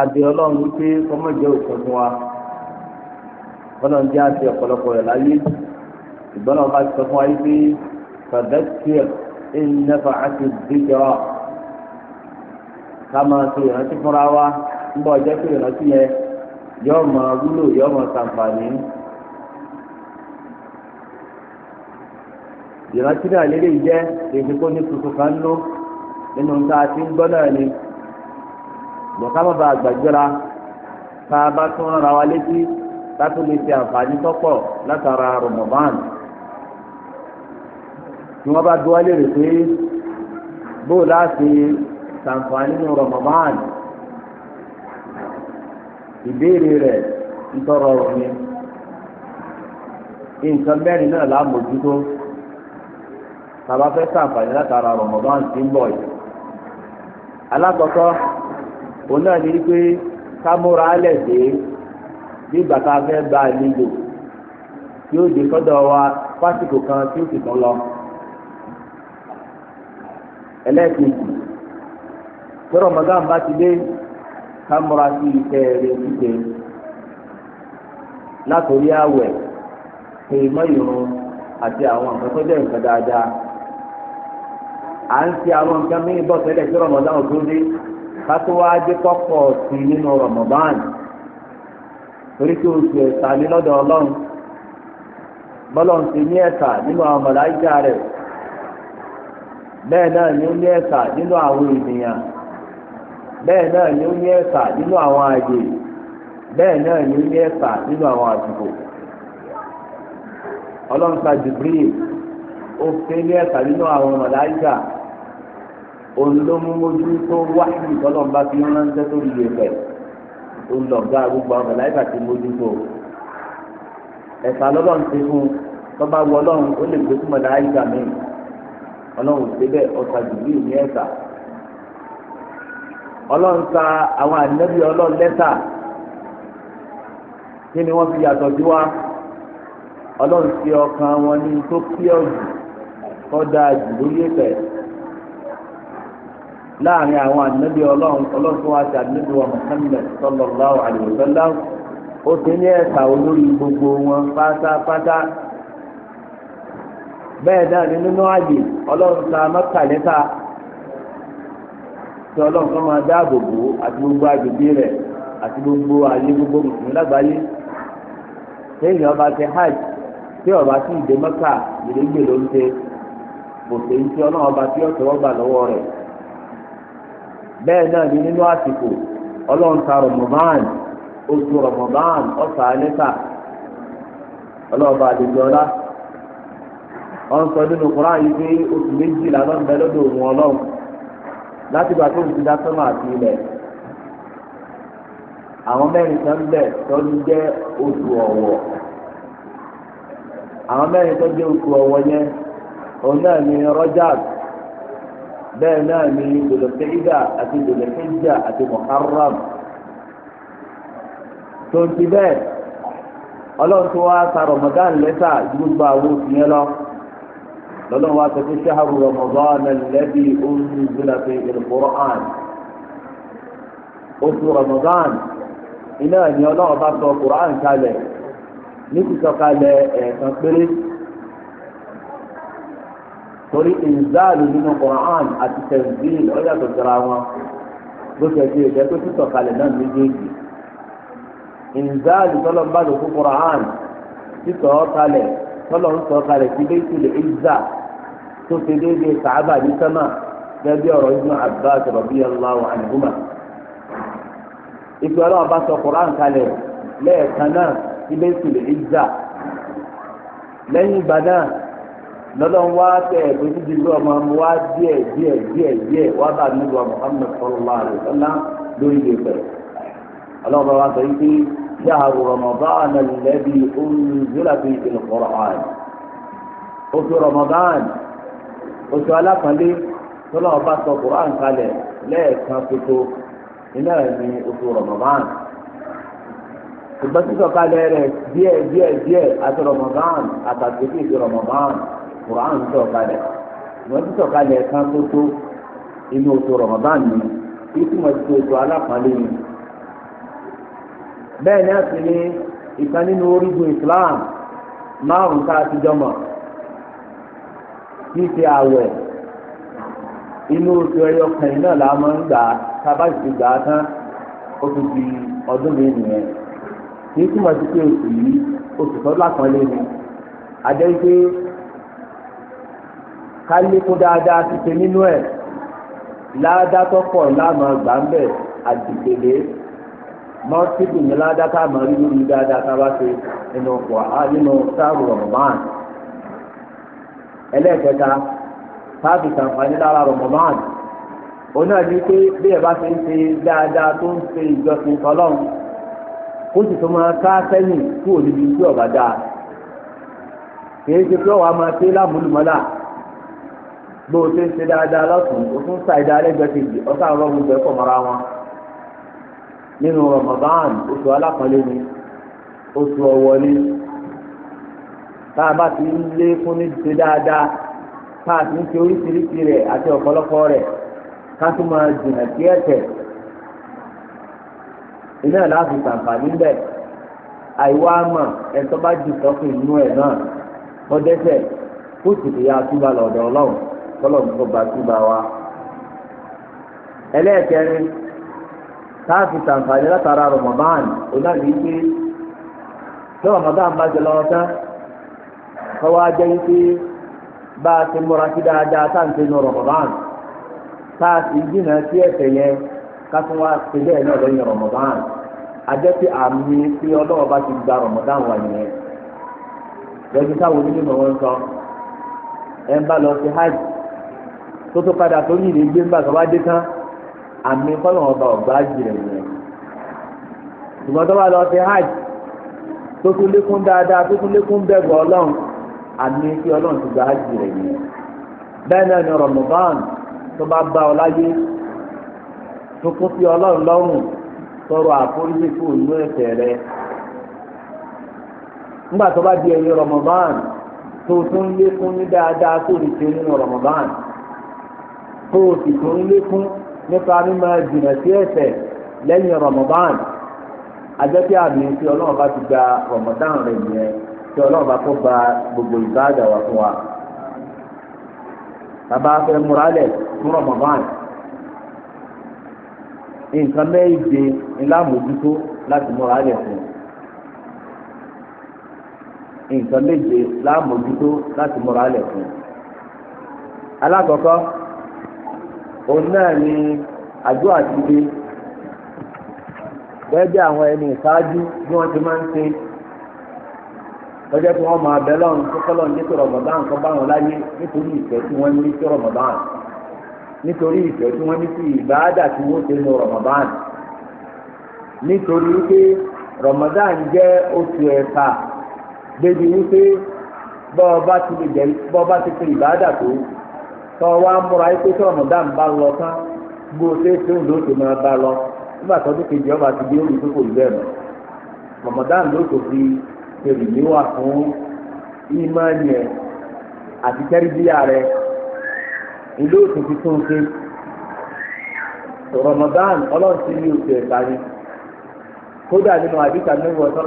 àbí ọlọ́run wípé kọ́mọ jẹ́ òkun fún wa ọlọ́run jẹ́ àti ọ̀pọ̀lọpọ̀ rẹ̀ láyé ìgbọ́n náà bá ti sọ fún wa wípé fàdákìr ìnẹ́fà àti dìjọ́ ká máa ṣe ìrántí fúnra wa nígbà ọjọ́ pé ìrántí yẹn yóò máa wúlò yóò máa ṣàǹfààní. ìrántí náà lélẹ́yìí jẹ́ èsì kó ní tuntun kan nú nínú nǹkan àti ń ni bọ̀ká bàbá àgbàjọra tá a bá tún ra wa létí látó lè ṣe àǹfààní tọ́pọ̀ látara Ramadan tí wọ́n bá dúwọ́ lérè pé bóò láti ṣàǹfààní ní Ramadan ìbéèrè rẹ̀ ń tọrọ ọ̀rọ̀ ni nǹkan mẹ́rin náà là á mójútó tàbá fẹ́ ṣàǹfààní látara Ramadan tí ń bọ̀ yìí alákọ̀ọ́kọ́. òun náà ní pé kámúra alẹ̀ dé bí bàtà fẹ́ gba tí ó sọ́dọ̀ wa fásitì kan tí ó sì tán lọ. ẹlẹ́ẹ̀kejì tí rọmọdán bá ti dé kámúra sí iṣẹ́ rẹ̀ ṣíṣe látòrí àwẹ̀ pé mọ́ àti àwọn nǹkan tó jẹ́ nǹkan dáadáa à ń ṣe àwọn nǹkan mí bọ́ tí kátó wá si n'ụlọ sí nínú oṣù ẹ̀sà lọ́dọ̀ ọlọ́run ti ní ẹ̀sà nínú àwọn mọ̀láyíjà rẹ̀ bẹ́ẹ̀ náà ni ó ní ẹ̀sà nínú àwọn ènìyàn bẹ́ẹ̀ náà ni ó ní ẹ̀sà nínú àwọn àyè bẹ́ẹ̀ náà ni olómúmójú tó wáyé tọ́lọ́mbà fi ránṣẹ́ tó yẹ pẹ̀ olùdọ̀gá gbogbo àwọn ti mójú ẹfà ẹ̀fà ti fún tọ́ba wọ ọlọ́run ó lè gbé súnmọ́ láyé jùlọ ní ẹ̀sà ọlọ́run sa àwọn ànábì ọlọ́run lẹ́sà kí ni fi sí wa ọkàn wọn ní tó láàrin àwọn ànábì ọlọ́run ọlọ́run àti ànábì wa Muhammad sallallahu alayhi wa sallam ó ti ní ẹ̀ka olórí gbogbo wọn pátápátá bẹ́ẹ̀ náà ni nínú ààyè ọlọ́run ta mọ́kàlẹ́ta tí ọlọ́run kan máa dáàbò bò àti gbogbo àgbègbè rẹ̀ àti gbogbo gbogbo mùsùlùmí lágbàáyé téèyàn ọba ti hajj tí ọba ti ìdè mọ́kà gbèrègbè ló ń ṣe kò sí ọlọ́run ọba tí wọ́n bẹ́ẹ̀ náà ni nínú àsìkò ọlọ́run ta Ramadan oṣù Ramadan ọ̀sà ẹlẹ́sà ọlọ́ọ̀bà àdìjọ́lá ọ̀n sọ nínú Kùrán yìí pé oṣù méjìlá ló ń bẹ lọ́dọ̀ òun ọlọ́run láti gbà tó ń ti dá sọ́mà àti ilẹ̀ àwọn mẹ́rin kan bẹ̀ tó jẹ́ oṣù àwọn mẹ́rin tó jẹ́ oṣù yẹn òun náà ni bẹ́ẹ̀ náà ni dòlòkèjà àti dòlòkèjà àti muharram tó ń ti bẹ́ẹ̀ ọlọ́run tó wá sa ramadan lẹ́sà gbogbo àwọn oṣù yẹn lọ lọ́lọ́run wá sọ pé ṣáàrù ramadan alladhi unzila fihi oṣù ramadan iná ni ọlọ́run bá sọ Qur'an kalẹ̀ ní sísọ ẹ̀ẹ̀kan péré torí ìzáàlù nínú Quran àti tẹ̀síìlì ó yàtọ̀ síra wọn bó ṣe ti ìjẹ́ tó títọ̀ kalẹ̀ náà méjèèjì ìzáàlù tọ́lọ́ bá lò fún Quran títọ̀ kalẹ̀ tọ́lọ́ ń sọ kalẹ̀ sí bẹ́ẹ̀tìlẹ̀ ìzá tó fi déédéé sàábà ní sánmà gẹ́gẹ́ bí ọ̀rọ̀ Ibn Abbas radiyallahu anhuma ìfẹ́ ọlọ́wọ́ bá sọ Quran kalẹ̀ lẹ́ẹ̀kan náà sí bẹ́ẹ̀tìlẹ̀ ìzá lẹ́yìn ìgbà náà lọ́dọ̀n wá tẹ̀ ẹ̀dùn títí lọ́wọ́ máa mú wá díẹ̀ díẹ̀ díẹ̀ díẹ̀ wá bá nílùú wa Muhammad sallallahu alaihi wasallam lórí ilé pẹ̀. ọlọ́run bá wa sọ yìí pé shahru Ramadan alladhi unzila fihi al-Qur'an. oṣù Ramadan oṣù alákànlé tọ́lọ́wọ́ bá sọ Qur'an kalẹ̀ lẹ́ẹ̀kan tuntun iná ẹ̀ ní oṣù Ramadan. ìgbàsísọ̀kalẹ̀ rẹ̀ díẹ̀ díẹ̀ díẹ̀ àti Ramadan àtàkùn Quran sọ̀kalẹ̀ wọ́n ti sọ̀kalẹ̀ kan tó tó inú oṣù Ramadan ni kí tí wọ́n ti tó oṣù alápàlẹ́ nínú Islam ma ún tá a ti jọmọ̀ kí ṣe àwẹ̀ inú oṣù ẹyọ kan na la máa ń gbà tábàtì ti mi ti ká lékún dáadáa ti ṣe nínú ẹ̀ ládàtọ̀ pọ̀ láàmú àgbà ń bẹ̀ àdìgbèlé mọ́tíbù ní ládàtà àmọ́ rí lórí dáadáa ká bá ṣe nínú ọkọ̀ nínú sáàrù rọ̀mọ́mán ẹlẹ́ẹ̀kẹta táàbì sàǹfààní lára rọ̀mọ́mán òun náà ní pé bí ẹ bá ṣe ń ṣe dáadáa tó ń ṣe ìjọsìn tọ́lọ́run kó sì tó máa ká sẹ́yìn kú òdìbí tí ọ̀bá dáa kì í ṣe pé ọ̀wá máa ṣe lámúlùmọ́lá bó o ṣe ń ṣe dáadáa lọ́sùn o tún ṣàì dáa lẹ́gbẹ̀ẹ́ kejì ọ̀sán àwọn ọmọ ìgbẹ́ mọ́ra wọn nínú Ramadan oṣù ni oṣù tá a bá ti ń lé fún ní ṣe dáadáa tá a ti ń ṣe oríṣiríṣi rẹ̀ àti ọ̀pọ̀lọpọ̀ rẹ̀ ká tún máa jìnà sí ẹ̀tẹ̀ iná láti bẹ̀ àìwá àmọ̀ ẹ̀tọ́ bá jù sọ́kùn inú ẹ̀ náà kó sì fi kọ́lọ̀ kó bá túbà wa. ẹlẹ́ẹ̀kẹrin káàfin sàǹfààní látara Ramadan onáàbí pé tí Ramadan bá jẹ lọ́wọ́ tán kọ́wọ́ á jẹ́ pé bá a ti múra sí dáadáa tá à ń ṣe nu Ramadan tá a sì jìnnà sí ẹ̀ṣẹ̀ yẹn ká wá ṣe bẹ́ẹ̀ náà lẹ́yìn Ramadan ajẹ́ pé àmì pé ọlọ́wọ́ bá ti gba Ramadan wà nìyẹn lọ́jọ́ táwọn onímọ̀ wọn sọ ẹ̀ ń bá lọ sí hajj tó tó padà tó ní ìdè gbé ńgbà tó bá dé tán àmì kọ́nà ọba ọ̀gbá jìnnà yẹn ṣùgbọ́n tó bá lọ sí hajj tó tún lékún dáadáa tó tún lékún bẹ̀rù ọlọ́run àmì kí ọlọ́run ti gbà hajj rẹ̀ yẹn bẹ́ẹ̀ náà ni rọmọbán tó bá bá ọ láyé tó kún sí ọlọ́run lọ́rùn sọ̀rọ̀ àforíjì kù nínú ẹ̀ṣẹ̀ rẹ̀ nígbà tó bá di ẹ̀yìn rọmọbán tó tún lékún ní dáadáa tó lè ṣe nínú rọmọbán. kó o sì tún lékún nípa mímọ jìnnà sí ẹ̀ṣẹ̀ lẹ́yìn Ramadan àjẹpẹ́ àmì tí ọlọ́run bá ti gba Ramadan rẹ̀ yẹn tí ọlọ́run gbogbo ìbáàdà wá fún wa. bàbá fẹ́ múralẹ̀ fún Ramadan nǹkan méje ńlá mójútó láti múralẹ̀ fún òun náà ni àjọ àdìde gẹ́gẹ́ àwọn ẹni ìṣáájú bí wọ́n ti máa ń ṣe lọ́jọ́ tí wọ́n máa bẹ Ramadan kan bá wọn láyé nítorí ìfẹ́ tí wọ́n ní sí Ramadan nítorí ìfẹ́ tí wọ́n ní sí ìbáàdà tí wọ́n ṣe lọ Ramadan nítorí wípé Ramadan jẹ́ oṣù ẹ̀ka débi wípé kọ́ wa múra yìí pé tí Ramadan bá lọ tán bó o ṣe é ṣe òǹdó tó máa bá lọ nígbà tó kejì ti di Ramadan tó fi níwà fún ìmánì ẹ̀ àti tẹ́rìbíyà rẹ̀ ìlú Ramadan ọlọ́run ti ní oṣù ẹ̀ka ni kódà nínú àdìsá nínú ọ̀sán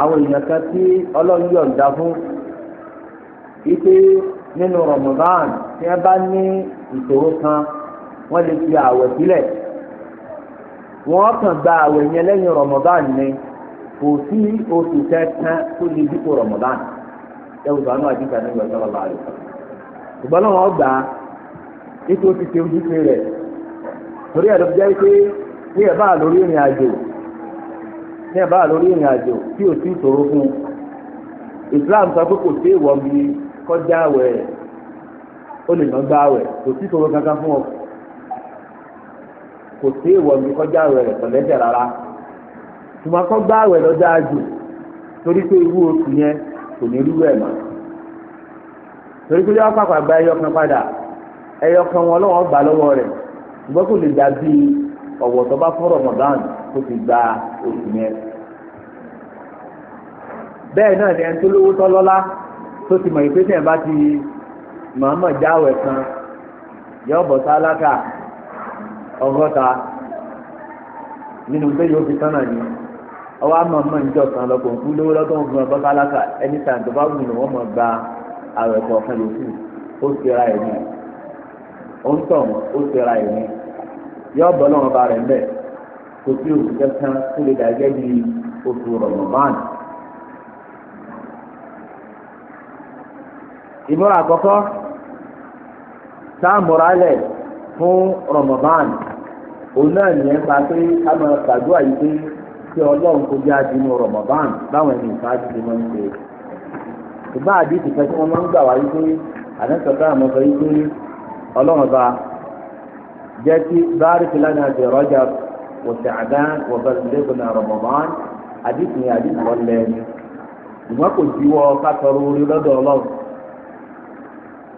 àwọn èèyàn kan tí ọlọ́run fún nínú Ramadan tí a bá ní ìṣòro kan wọ́n lè fi àwẹ̀ sílẹ̀ wọn kàn gba àwẹ̀ yẹn lẹ́yìn Ramadan ni kò sí oṣù kẹta tó lè dípò Ramadan ẹ̀wù sọ àánú àdìgbà ní ìgbà sọ́lá báyìí ṣùgbọ́n náà wọ́n gbà á ètò ti ṣe ojúṣe torí ẹ̀ ló fi jẹ́ pé bí bá lórí ìrìn àjò bí bá lórí ìrìn àjò tí fún Islam sọ pé kò sí ìwọ́n kọjá àwẹ̀ rẹ̀ ó lè yàn àwẹ̀ kò sí kankan fún ọ kò sí ìwọ̀ mi kọjá àwẹ̀ rẹ̀ rárá ṣùgbọ́n kọ́ àwẹ̀ lọ́jọ́ àjò torí pé irú oṣù yẹn kò ní rúwẹ̀ mọ́ torí pé yọ pàpà gba ẹyọ kan padà ẹyọ kan wọn lọ́wọ́ gbà lọ́wọ́ rẹ̀ ṣùgbọ́n kò lè dà ọ̀wọ̀ tó bá gba oṣù yẹn bẹ́ẹ̀ náà ni ẹni tó lówó tó ti mọ̀ ìpè tẹ̀ bá ti màmá jáwẹ̀ kan yọ bọ̀ sálákà ọgọ́ta nínú pé yóò fi tánà ni ọwọ́ àmọ́ mọ̀ níjọ́ kan lọ́kọ̀ ń kú lówó lọ́tọ́ ń gbọ́n bọ́ sálákà ẹni tàn tó bá wù ní wọ́n mọ̀ gba àwẹ̀ kọ̀ọ̀kan yòókù ó ti ra ẹ̀mí ó ń tọ̀ ó ti ra ẹ̀mí yọ bọ̀ lọ́wọ́ ba rẹ̀ ń bẹ̀ kò sí òkú kẹsàn-án tó lè dàgẹ́ bíi oṣù rọ̀mọ̀mọ́ọ̀nù. ìmúra àkọ́kọ́ tá a múra fún Ramadan òun náà nìyẹn pa pé ká máa gbàdúrà yìí pé kí ọlọ́run kó jẹ́ adínú Ramadan báwọn ẹni ìfàájú ti máa ń ṣe. ìgbà àdìsí kan wọ́n máa ń gbà wá ọlọ́run bá jẹ́ kí lánàá ti rọ́jà àdán wọn kò jíwọ́ ká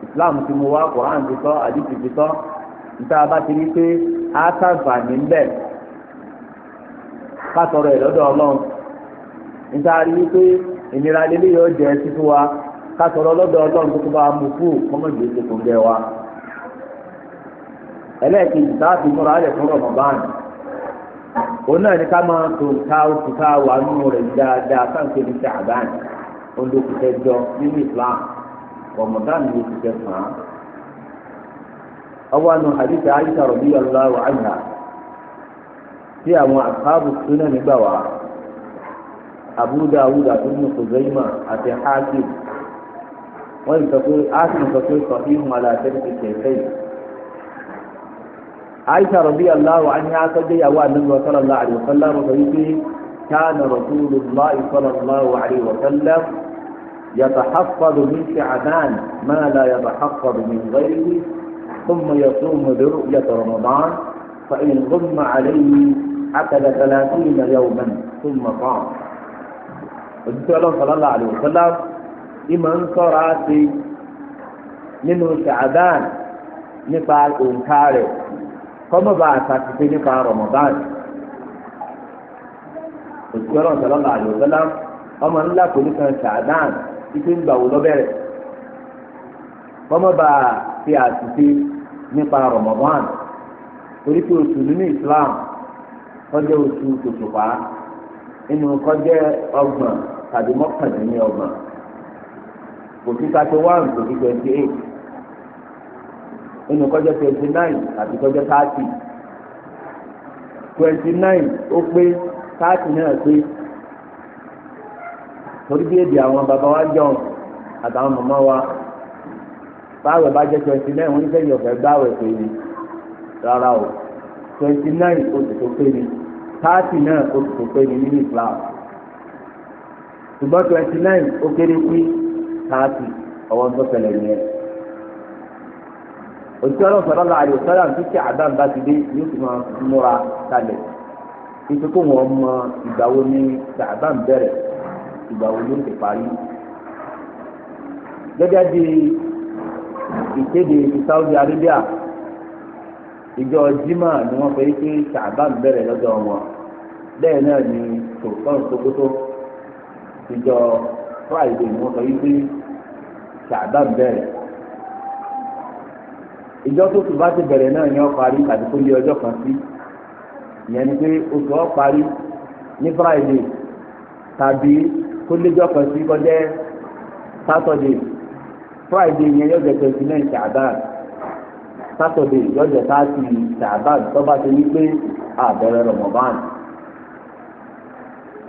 islam ti mú wa quran ti sọ àdìsí ti tọ́ níta bá ti rí pé a sàǹfààní ń bẹ̀ ká sọ̀rọ̀ ẹ̀ lọ́dọ̀ ọlọ́run níta rí pé ìnira lílé yóò jẹ́ títú wa ká tó tó bá mú fún tó wa ẹlẹ́ẹ̀kejì sáàfin múra fún òun náà ní ká máa tó islam. Ramadan ló ti kẹsàn án ọwọ́ àna àdìsẹ́ àyíṣà rọ̀bí ọ̀la wàhálà tí àwọn àkáàbù súnà nígbà wá Abu Dawud àti Ibn Khuzaymah àti Hakim wọ́n yìí sọ pé Hakim sọ pé sọ fí hùn àlà àtẹ́tẹ́ kẹ̀kẹ́ yìí àyíṣà rọ̀bí ọ̀la wàhálà sọ́jọ́ ìyàwó àdúgbò sọ́lá àdìsọ́lá rọ̀ sọ wípé كان رسول الله صلى الله عليه وسلم يتحفظ من شعبان ما لا يتحفظ من غيره ثم يصوم برؤية رمضان فإن غم عليه أكل ثلاثين يوما ثم قام وجدت له صلى الله عليه وسلم إمن صراتي منه شعبان نقال أنكاره فما بعثك في نقال رمضان وجدت له صلى الله عليه وسلم ومن لا لك شعبان ìpè ń gbà wò lọ́bẹ̀rẹ̀ kọ́mọ́bà ti àtúnṣe nípa Ramadan torí pé oṣù nínú Islam kọjá oṣù tòṣùpá nínú kọjá ọgbọ̀n tàbí twenty eight nínú kọjá twenty nine torí bí èdè àwọn bàbá wa jọ àtàwọn màmá wa báwẹ̀ bá jẹ́ twenty nine wọ́n ní sẹ́yìn ọ̀fẹ́ gbáwẹ̀ pé ni rárá o twenty nine oṣù tó pé ni thirty náà oṣù tó pé ni nínú Islam ṣùgbọ́n twenty nine ó kéré sí thirty ọwọ́ tó tẹ̀lé yẹn òtítọ́ náà sọ̀rọ̀ láàyè sọ́dà tí kí àdán bá ti dé yóò ti máa múra kalẹ̀ ìfikún wọn mọ ìgbà wo ni àdán bẹ̀rẹ̀ ìgbà wo ló ti parí. gẹ́gẹ́ bí ìkéde ti Saudi Arabia ìjọ jimá ni wọ́n fẹ́ pé sàbá ń bẹ̀rẹ̀ lọ́dọ̀ wọn bẹ́ẹ̀ náà ni tòkàn Sokoto ìjọ Friday ni wọ́n fẹ́ pé sàbá ń bẹ̀rẹ̀ ìjọ tó tù bá ti bẹ̀rẹ̀ náà ni wọ́n parí àti kó lé ọjọ́ kan sí ìyẹn ni pé oṣù ọ̀ parí ní Friday tàbí kó léjọ́ kan sí kọjá sátọ̀dé friday yẹn yọjọ twenty nine ṣàbáà sátọ̀dé yọjọ thirty ṣàbáà tọ́ba ti ní pé àbẹ̀rẹ̀ rọ̀mọ̀bán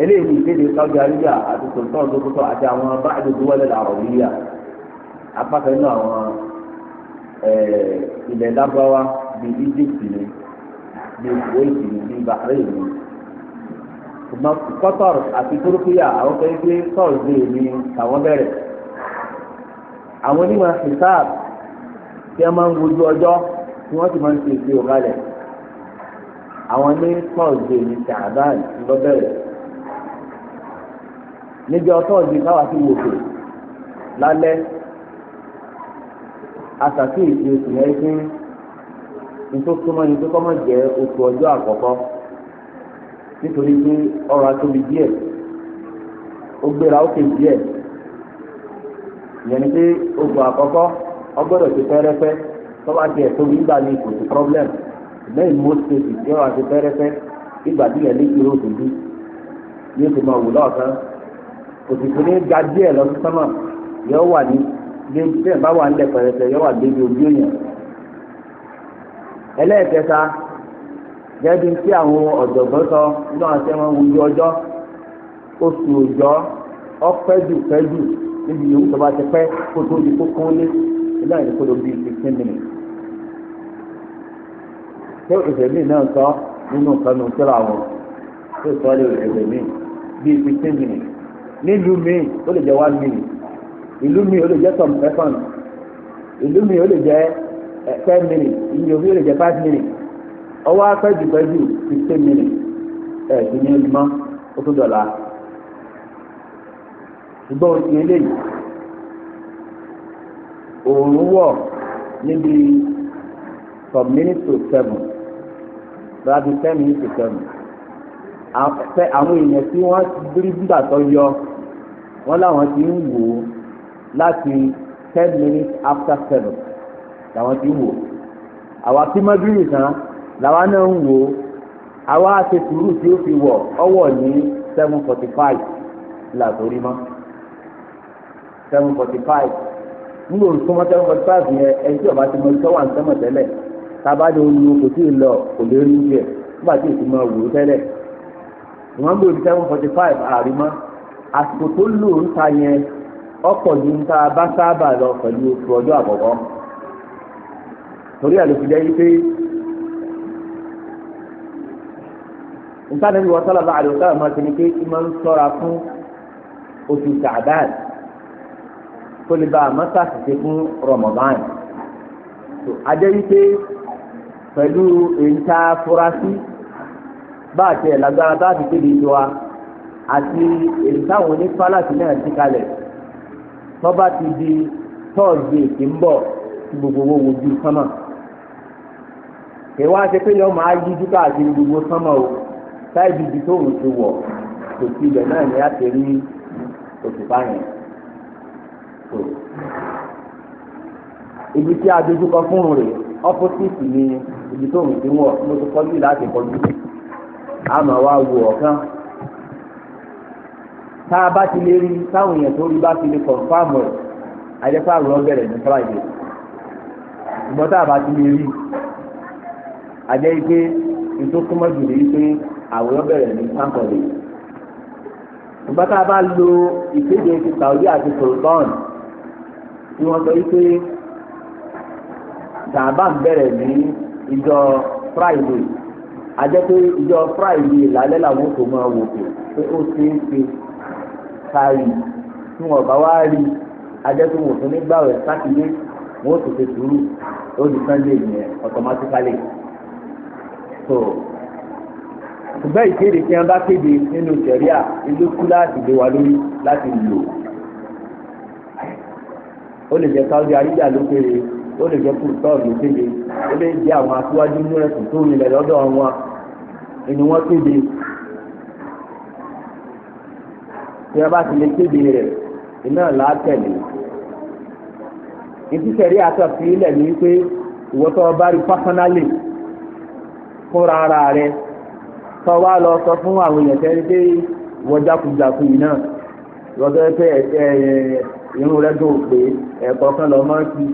eléyìí ìkéde sáwùdí arábíà àti tòótọ́ lókòtò àti àwọn báàdì dúwọ́lẹ̀ làrọ̀bíyà apákan nínú àwọn eh, ilẹ̀ lágbáwá bíi Egypt ni bíi Kuwait ni bíi Bahrain ni ṣùgbọ́n kọ́tọ̀rù àti turukiya àwọn fẹ́ gbé sọ́ọ̀dì ní àwọn bẹ̀rẹ̀ àwọn onímọ̀ hisab tí wọ́n máa ń wojú ọjọ́ tí wọ́n sì máa ń ṣe ìṣe òkàlẹ̀ àwọn ní sọ́ọ̀dì ní ṣàbán lọ bẹ̀rẹ̀ níjọ sọ́ọ̀dì káwá sí wòkè lálẹ́ àtàkì ìṣe oṣù yẹn fún nítorí tó mọ́ ní tó kọ́ mọ́ jẹ́ oṣù ọjọ́ àkọ́kọ́ nítorí pé ọrọ̀ atóbi díẹ̀ ó gbéra ókè díẹ̀ ìyẹn ni pé oògùn àkọ́kọ́ ọgbọ́dọ̀ ti pẹ́rẹ́pẹ́ tọ́wọ́ àti ẹ̀ tóbi nígbà ní kò sí problem lẹ́yìn most cases tí ọrọ̀ àti pẹ́rẹ́pẹ́ ìgbà tí ìyẹn lékè ló tó bí yóò ti máa wò lọ́ọ̀kan kò sì fi ní ga díẹ̀ lọ sí sánmà yóò wà ní bẹ́ẹ̀ bá wà nílẹ̀ pẹ̀rẹ̀pẹ̀ yóò wà débi ojú èèyàn ẹlẹ́ẹ̀kẹta gẹ́gẹ́ tí àwọn ọ̀jọ̀gbọ́n sọ nínú àti ẹ̀wọ̀n wúlò ọjọ́ oṣù òjọ́ ọpẹ́jù pẹ́jù níbi yòówù tó bá ti pẹ́ kó tó di kókó lé nígbà yẹn kó ló bí fifteen minutes. ṣé ìṣẹ̀lẹ̀ náà sọ nínú kanu síra wọn tó sọ lè ẹ̀rẹ̀ mi bí fifteen minutes nílùú mi ó lè jẹ́ one minute ìlú mi ó lè jẹ́ some seconds ìlú mi ó lè jẹ́ eh, ten minutes ìlú mi ó lè jẹ́ five minutes ọwọ́ afẹ́jùgbẹ́jù fifteen minutes ẹ̀ sí ní ojúmọ́ ó tó dọ̀la ṣùgbọ́n oṣù eléyìí òòrùn wọ̀ níbi from minute to seven láti ten minutes to seven àwọn èèyàn tí wọ́n rí nígbà tó yọ wọ́n láwọn ti ń wò ó láti ten minutes after seven làwọn ti ń wò àwa tí mọ́bírì tán làwa náà ń wò ó àwa ṣe sùúrù tí ó fi wọ̀ ọwọ́ ní seven forty five là torí mọ́ seven forty five nígbà olùsọmọ seven forty five yẹn ẹni tí ọba ti mọ ìṣọwà ń sẹ́mọ̀ tẹ́lẹ̀ tábàdé olùwò kò tí ì lọ kò lè rí jẹ nígbà tí èsì máa wò ó tẹ́lẹ̀ ìwọ́n ń gbòòrò seven forty five àrímọ́ àsìkò tó lò ń ta yẹn ọkọ̀ ní ń ta bá sábà lọ pẹ̀lú oṣù ọjọ́ àkọ́kọ́ torí àlòfin jẹ́ yí pé nǹkan níbi wọ́n sọ́lá bá àdéhùn sọ́lá máa ti ní pé kí máa ń sọ́ra fún oṣù sàdáàd kó lè bá a má sàṣìṣe fún Ramadan tó adé wípé pẹ̀lú ìta furasí bá a tiẹ̀ lágbára bá a ti kéde ìjọ wa àti èyí táwọn onífàlàsì náà ti kalẹ̀ tọ́ba ti di tọ́ọ̀dì èké ń bọ̀ tí gbogbo owó wojú sánmà kẹwàá ṣe pé yọ máa yíjú káàkiri gbogbo sánmà o sáìdì ibi tó òun ti wọ̀ kò sí ibẹ̀ náà ni a ti rí òṣùpá yẹn tó ibi tí a dojúkọ fún rè ọ́pọ́sìtì ni ibi tó òun ti wọ̀ mo ti kọjú láti kọjú àmọ́ wa wo ọ̀kan tá a bá ti lè rí táwọn èèyàn tó rí bá ti lè kọ̀ǹfàmù ẹ̀ àjẹpá àrùn ọ̀bẹ̀rẹ̀ ní fúláìdè ìgbọ́n tá a bá ti lè rí àjẹ́ ike ìtókùnmọ́jù lè rí pé àwòrán bẹ̀rẹ̀ ní sáńkọ̀lì. nígbà tá a bá lo ìkéde ti Saudi àti Sultan tí wọ́n sọ wípé sàbá ń bẹ̀rẹ̀ ní ìjọ Friday ajẹ́ pé ìjọ Friday lálẹ́ làwọn kò máa wò pé pé ó ṣe é ṣe kárí tí wọn bá wá rí ajẹ́ pé wọn ò tún ní gbàwẹ̀ sátidé wọn ò tún ṣe sùúrù ó di Sunday yẹn automatically. So, ṣùgbọ́n ìkéde tí wọ́n bá kéde nínú sẹ̀ríà ilé kú láti lé wa lórí láti lò ó lè jẹ́ Saudi Arabia ló kéde ó lè jẹ́ kùtọ́ọ̀ ló kéde ó lè jẹ́ àwọn aṣíwájú inú ẹ̀sùn tó rinlẹ̀ lọ́dọ̀ wọn ni wọ́n kéde tí wọ́n bá ti lè kéde rẹ̀ iná látẹ̀lé ìdí sẹ̀ríà àtọ̀fin pé ìwọ́tọ̀ bá rí pásánálì fúnra ara rẹ̀. kọ wá lọ sọ fún àwọn èèyàn kẹrin pé wọ́n jákujàku yìí náà lọ́sọ̀ pé ẹ̀ irun rẹ̀ dùn pé ẹ̀kọ́ kan lọ́ mọ́ sí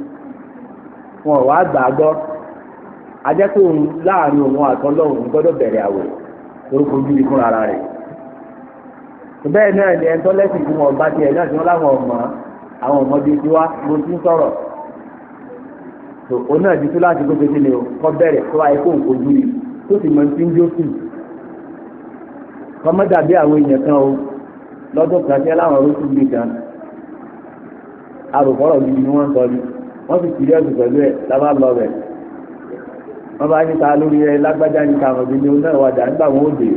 wọn wá gbà gbọ́ ajẹ́pẹ́ òun láàrin òun àtọ́lọ́ òun gbọ́dọ̀ bẹ̀rẹ̀ àwẹ̀ orúkọ ojú ikú ara rẹ̀ bẹ́ẹ̀ náà ni ẹ̀ńtọ́ lẹ́sìn fún wọn bá tiẹ̀ náà tí wọ́n láwọn ọmọ àwọn ọmọdé tí wá mo ti ń sọ̀rọ̀ òun náà di tó láti gbé pété ni o kọ́ bẹ̀rẹ̀ tó wáyé kó òun kojú rí tó sì mọ ti ń jó sí i kọ́mọ́ dàbí àwọn èèyàn kan o lọ́dún kan tí aláwọ̀ rúkú gbé kan arùkọ́rọ̀ gidi ni wọ́n ń sọ ni wọ́n fi kiri ọ̀sùn pẹ̀lú ẹ̀ lábá lọ rẹ̀ wọ́n bá níta lórí ẹ lágbájá ní kàwọn ìdílé oná ìwàdà nígbà wọn ò dé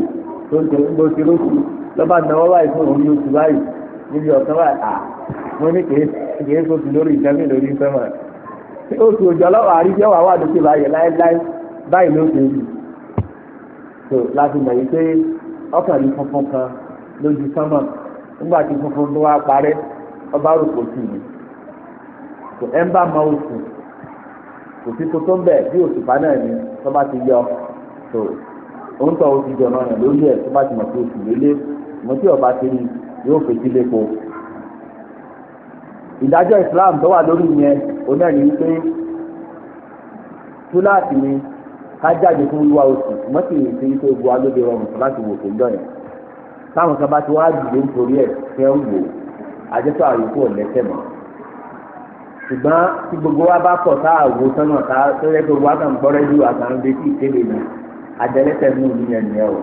tó ń tó ń gbó tiró kù lọ́ba náwó báyìí fún òun ní oṣù báyìí níbi ọ̀sán báyìí à mo ní kèé kèé sóṣù lórí ìjẹ́mi lórí ìfẹ́ mọ̀ ẹ́ oṣù òjò ọlọ́wọ́ àríjẹ́ wà wà lókè báyìí láéláé báyìí ló ṣe é so láti yìí ọkà rí funfun kan lójú sánmà nígbà tí funfun tó wá parí ọba rò sí kò ẹ ń ma oṣù kò sí tó tó bí náà ni tó ti yọ tó òun tọ oṣù jọ̀nà rẹ̀ lórí ẹ̀ ti mọ̀ oṣù lélẹ̀ mọ̀ tí ọba ti yóò fetí lépo Islam tó wà lórí yẹn onáà ní wípé túláàtì ká jáde fún olúwa oṣù mọ́tì ìrìn sí ipò ìbò alóde rọrùn fún láti wò fún dọ̀yìn táwọn kan bá ti wá dìde nítorí ẹ̀ fẹ́ ń wò àjẹsọ́ àyòkù ọ̀lẹ́sẹ̀ mọ́ ṣùgbọ́n tí gbogbo wa bá pọ̀ tá àwò sọ́nà tá tó yẹ kó wá kàn gbọ́rẹ́ ju àtàwọn ibi tí ìkéde ni àjẹlẹ́sẹ̀ mú mi yẹn nìyẹn o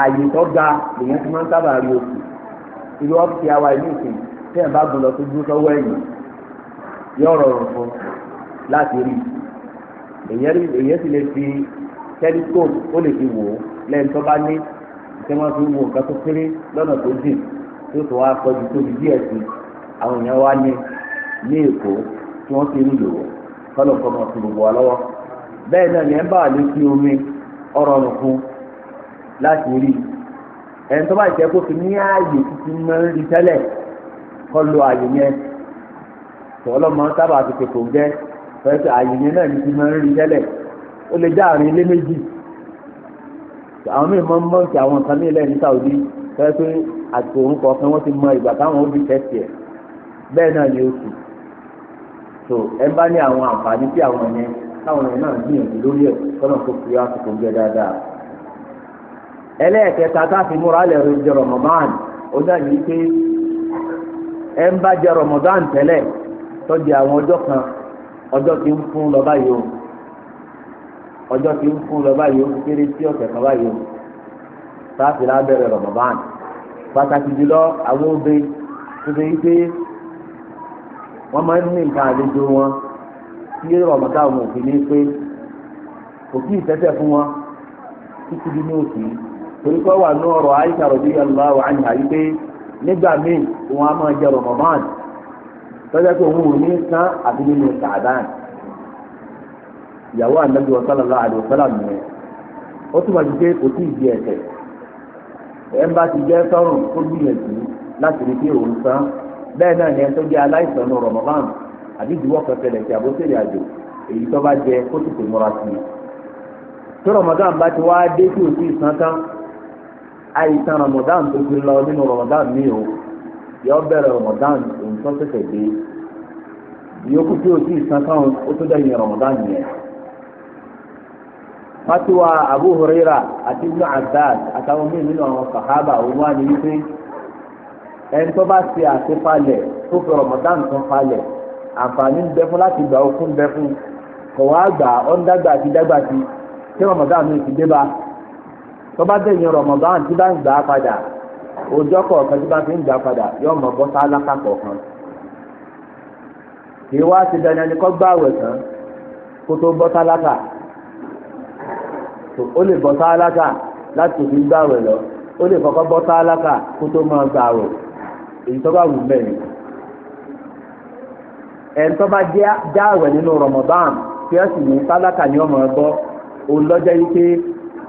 ààyè tó ga lèyìn tí wọ́n sábà rí oṣù irú ọ́fíìsì àwa ìlú ìsìn tí ẹ̀ bá gùn lọ sójú sọ́wọ́ ẹ̀yìn yọ̀ọ̀rọ̀ rùn fún láti rí i èyàn sì lè fi telescope ó lè fi wò ó lẹ́yìn tó bá ní tí wọ́n fi wo nǹkan tó kéré lọ́nà tó dì tó tó wá kọjú tóbi díẹ̀ sí àwọn èèyàn wá ní ní èkó tí wọ́n ti ń lò ó kọ́lọ̀ kọ́ mọ̀ sí gbogbo wa lọ́wọ́ bẹ́ẹ̀ náà ní ẹ̀ ń bá àlè fi omi ọ̀rọ̀ ọ̀rùn fún láti rí ẹni tó bá jẹ́ kó fi ní ààyè títí máa ń rí tẹ́lẹ̀ kọ́ lo ààyè yẹn tọ́lọ́ máa ń fi kòkò gẹ́ fẹ́ẹ́ sọ náà ní ti máa ń rí tẹ́lẹ̀ ó lè dá ilé méjì àwọn míì máa ń àwọn nǹkan ní ilẹ̀ ní Saudi fẹ́ẹ́ pé àti òun kọ̀ọ̀kan wọ́n ti mọ ìgbà táwọn ó bí ẹ̀ bẹ́ẹ̀ náà ni oṣù tó ẹ bá àwọn àǹfààní àwọn náà gbìyànjú lórí ẹ̀ fi àsìkò jẹ dáadáa ẹlẹ́ẹ̀kẹta a múra lẹ̀ jẹ ó àwọn ọjọ́ kan ọjọ́ ti ń fún lọ báyìí o ọjọ́ ti ń fún lọ báyìí o kéré sí ọ̀sẹ̀ kan báyìí o sáàsì lábẹ́rẹ́ rọ̀mọ̀bán pàtàkì jùlọ àwọn obe tuntun yìí pé wọ́n máa ń ní nǹkan àlejò wọn tí rọ̀mọ̀tà wọn ò fi ní pé kò kí fún wọn títí di ní òsì torí pé wà ní ọ̀rọ̀ àyíká rọ̀bí yàrá wà ní àyíké nígbà míì wọn á máa jẹ rọ̀mọ̀bán. tọ́jà pé òun ò ní san àbí nínú sàdán ìyàwó ànábi ọ̀sálà lọ àdó ọ̀sálà ó túmọ̀ sí pé kò tí ì di ẹ̀ṣẹ̀ ti jẹ́ tó gbìyànjú láti rí pé òun bẹ́ẹ̀ náà ni aláìsàn àbí ìdíwọ́ àjò èyí tó bá jẹ kó tètè múra sí i tó bá ti wá dé tí ò sí Ramadan tó lọ nínú yọọ bẹrẹ rọmọdán nǹkan tẹ̀sẹ̀ dé ìyókù tí o ti san o tó rọmọdán yẹn. fatiwa abu huraira àti ibnu abbas àtàwọn míì nínú àwọn sàhábà òun wá ní wípé ẹni tó bá ṣe tó fi rọmọdán kan palẹ̀ àǹfààní ń bẹ fún láti gbà bẹ fún kò wá gbà ó ń sí tí rọmọdán ojoko kọ̀ọ̀kan tí fi ń gbà padà yóò mọ̀ bọ́ sálákà kì í wá ti dandan ni kọ́ gbààwẹ̀ tán kó tó bọ́ sálákà ó lè bọ́ sálákà láti òfin gbààwẹ̀ lọ ó lè kọ́kọ́ bọ́ sálákà kó tó máa gbààwẹ̀ èyí tó bá wù mẹ́rin ẹni tó bá jáwẹ̀ nínú sì ní ni ọmọ ẹ òun pé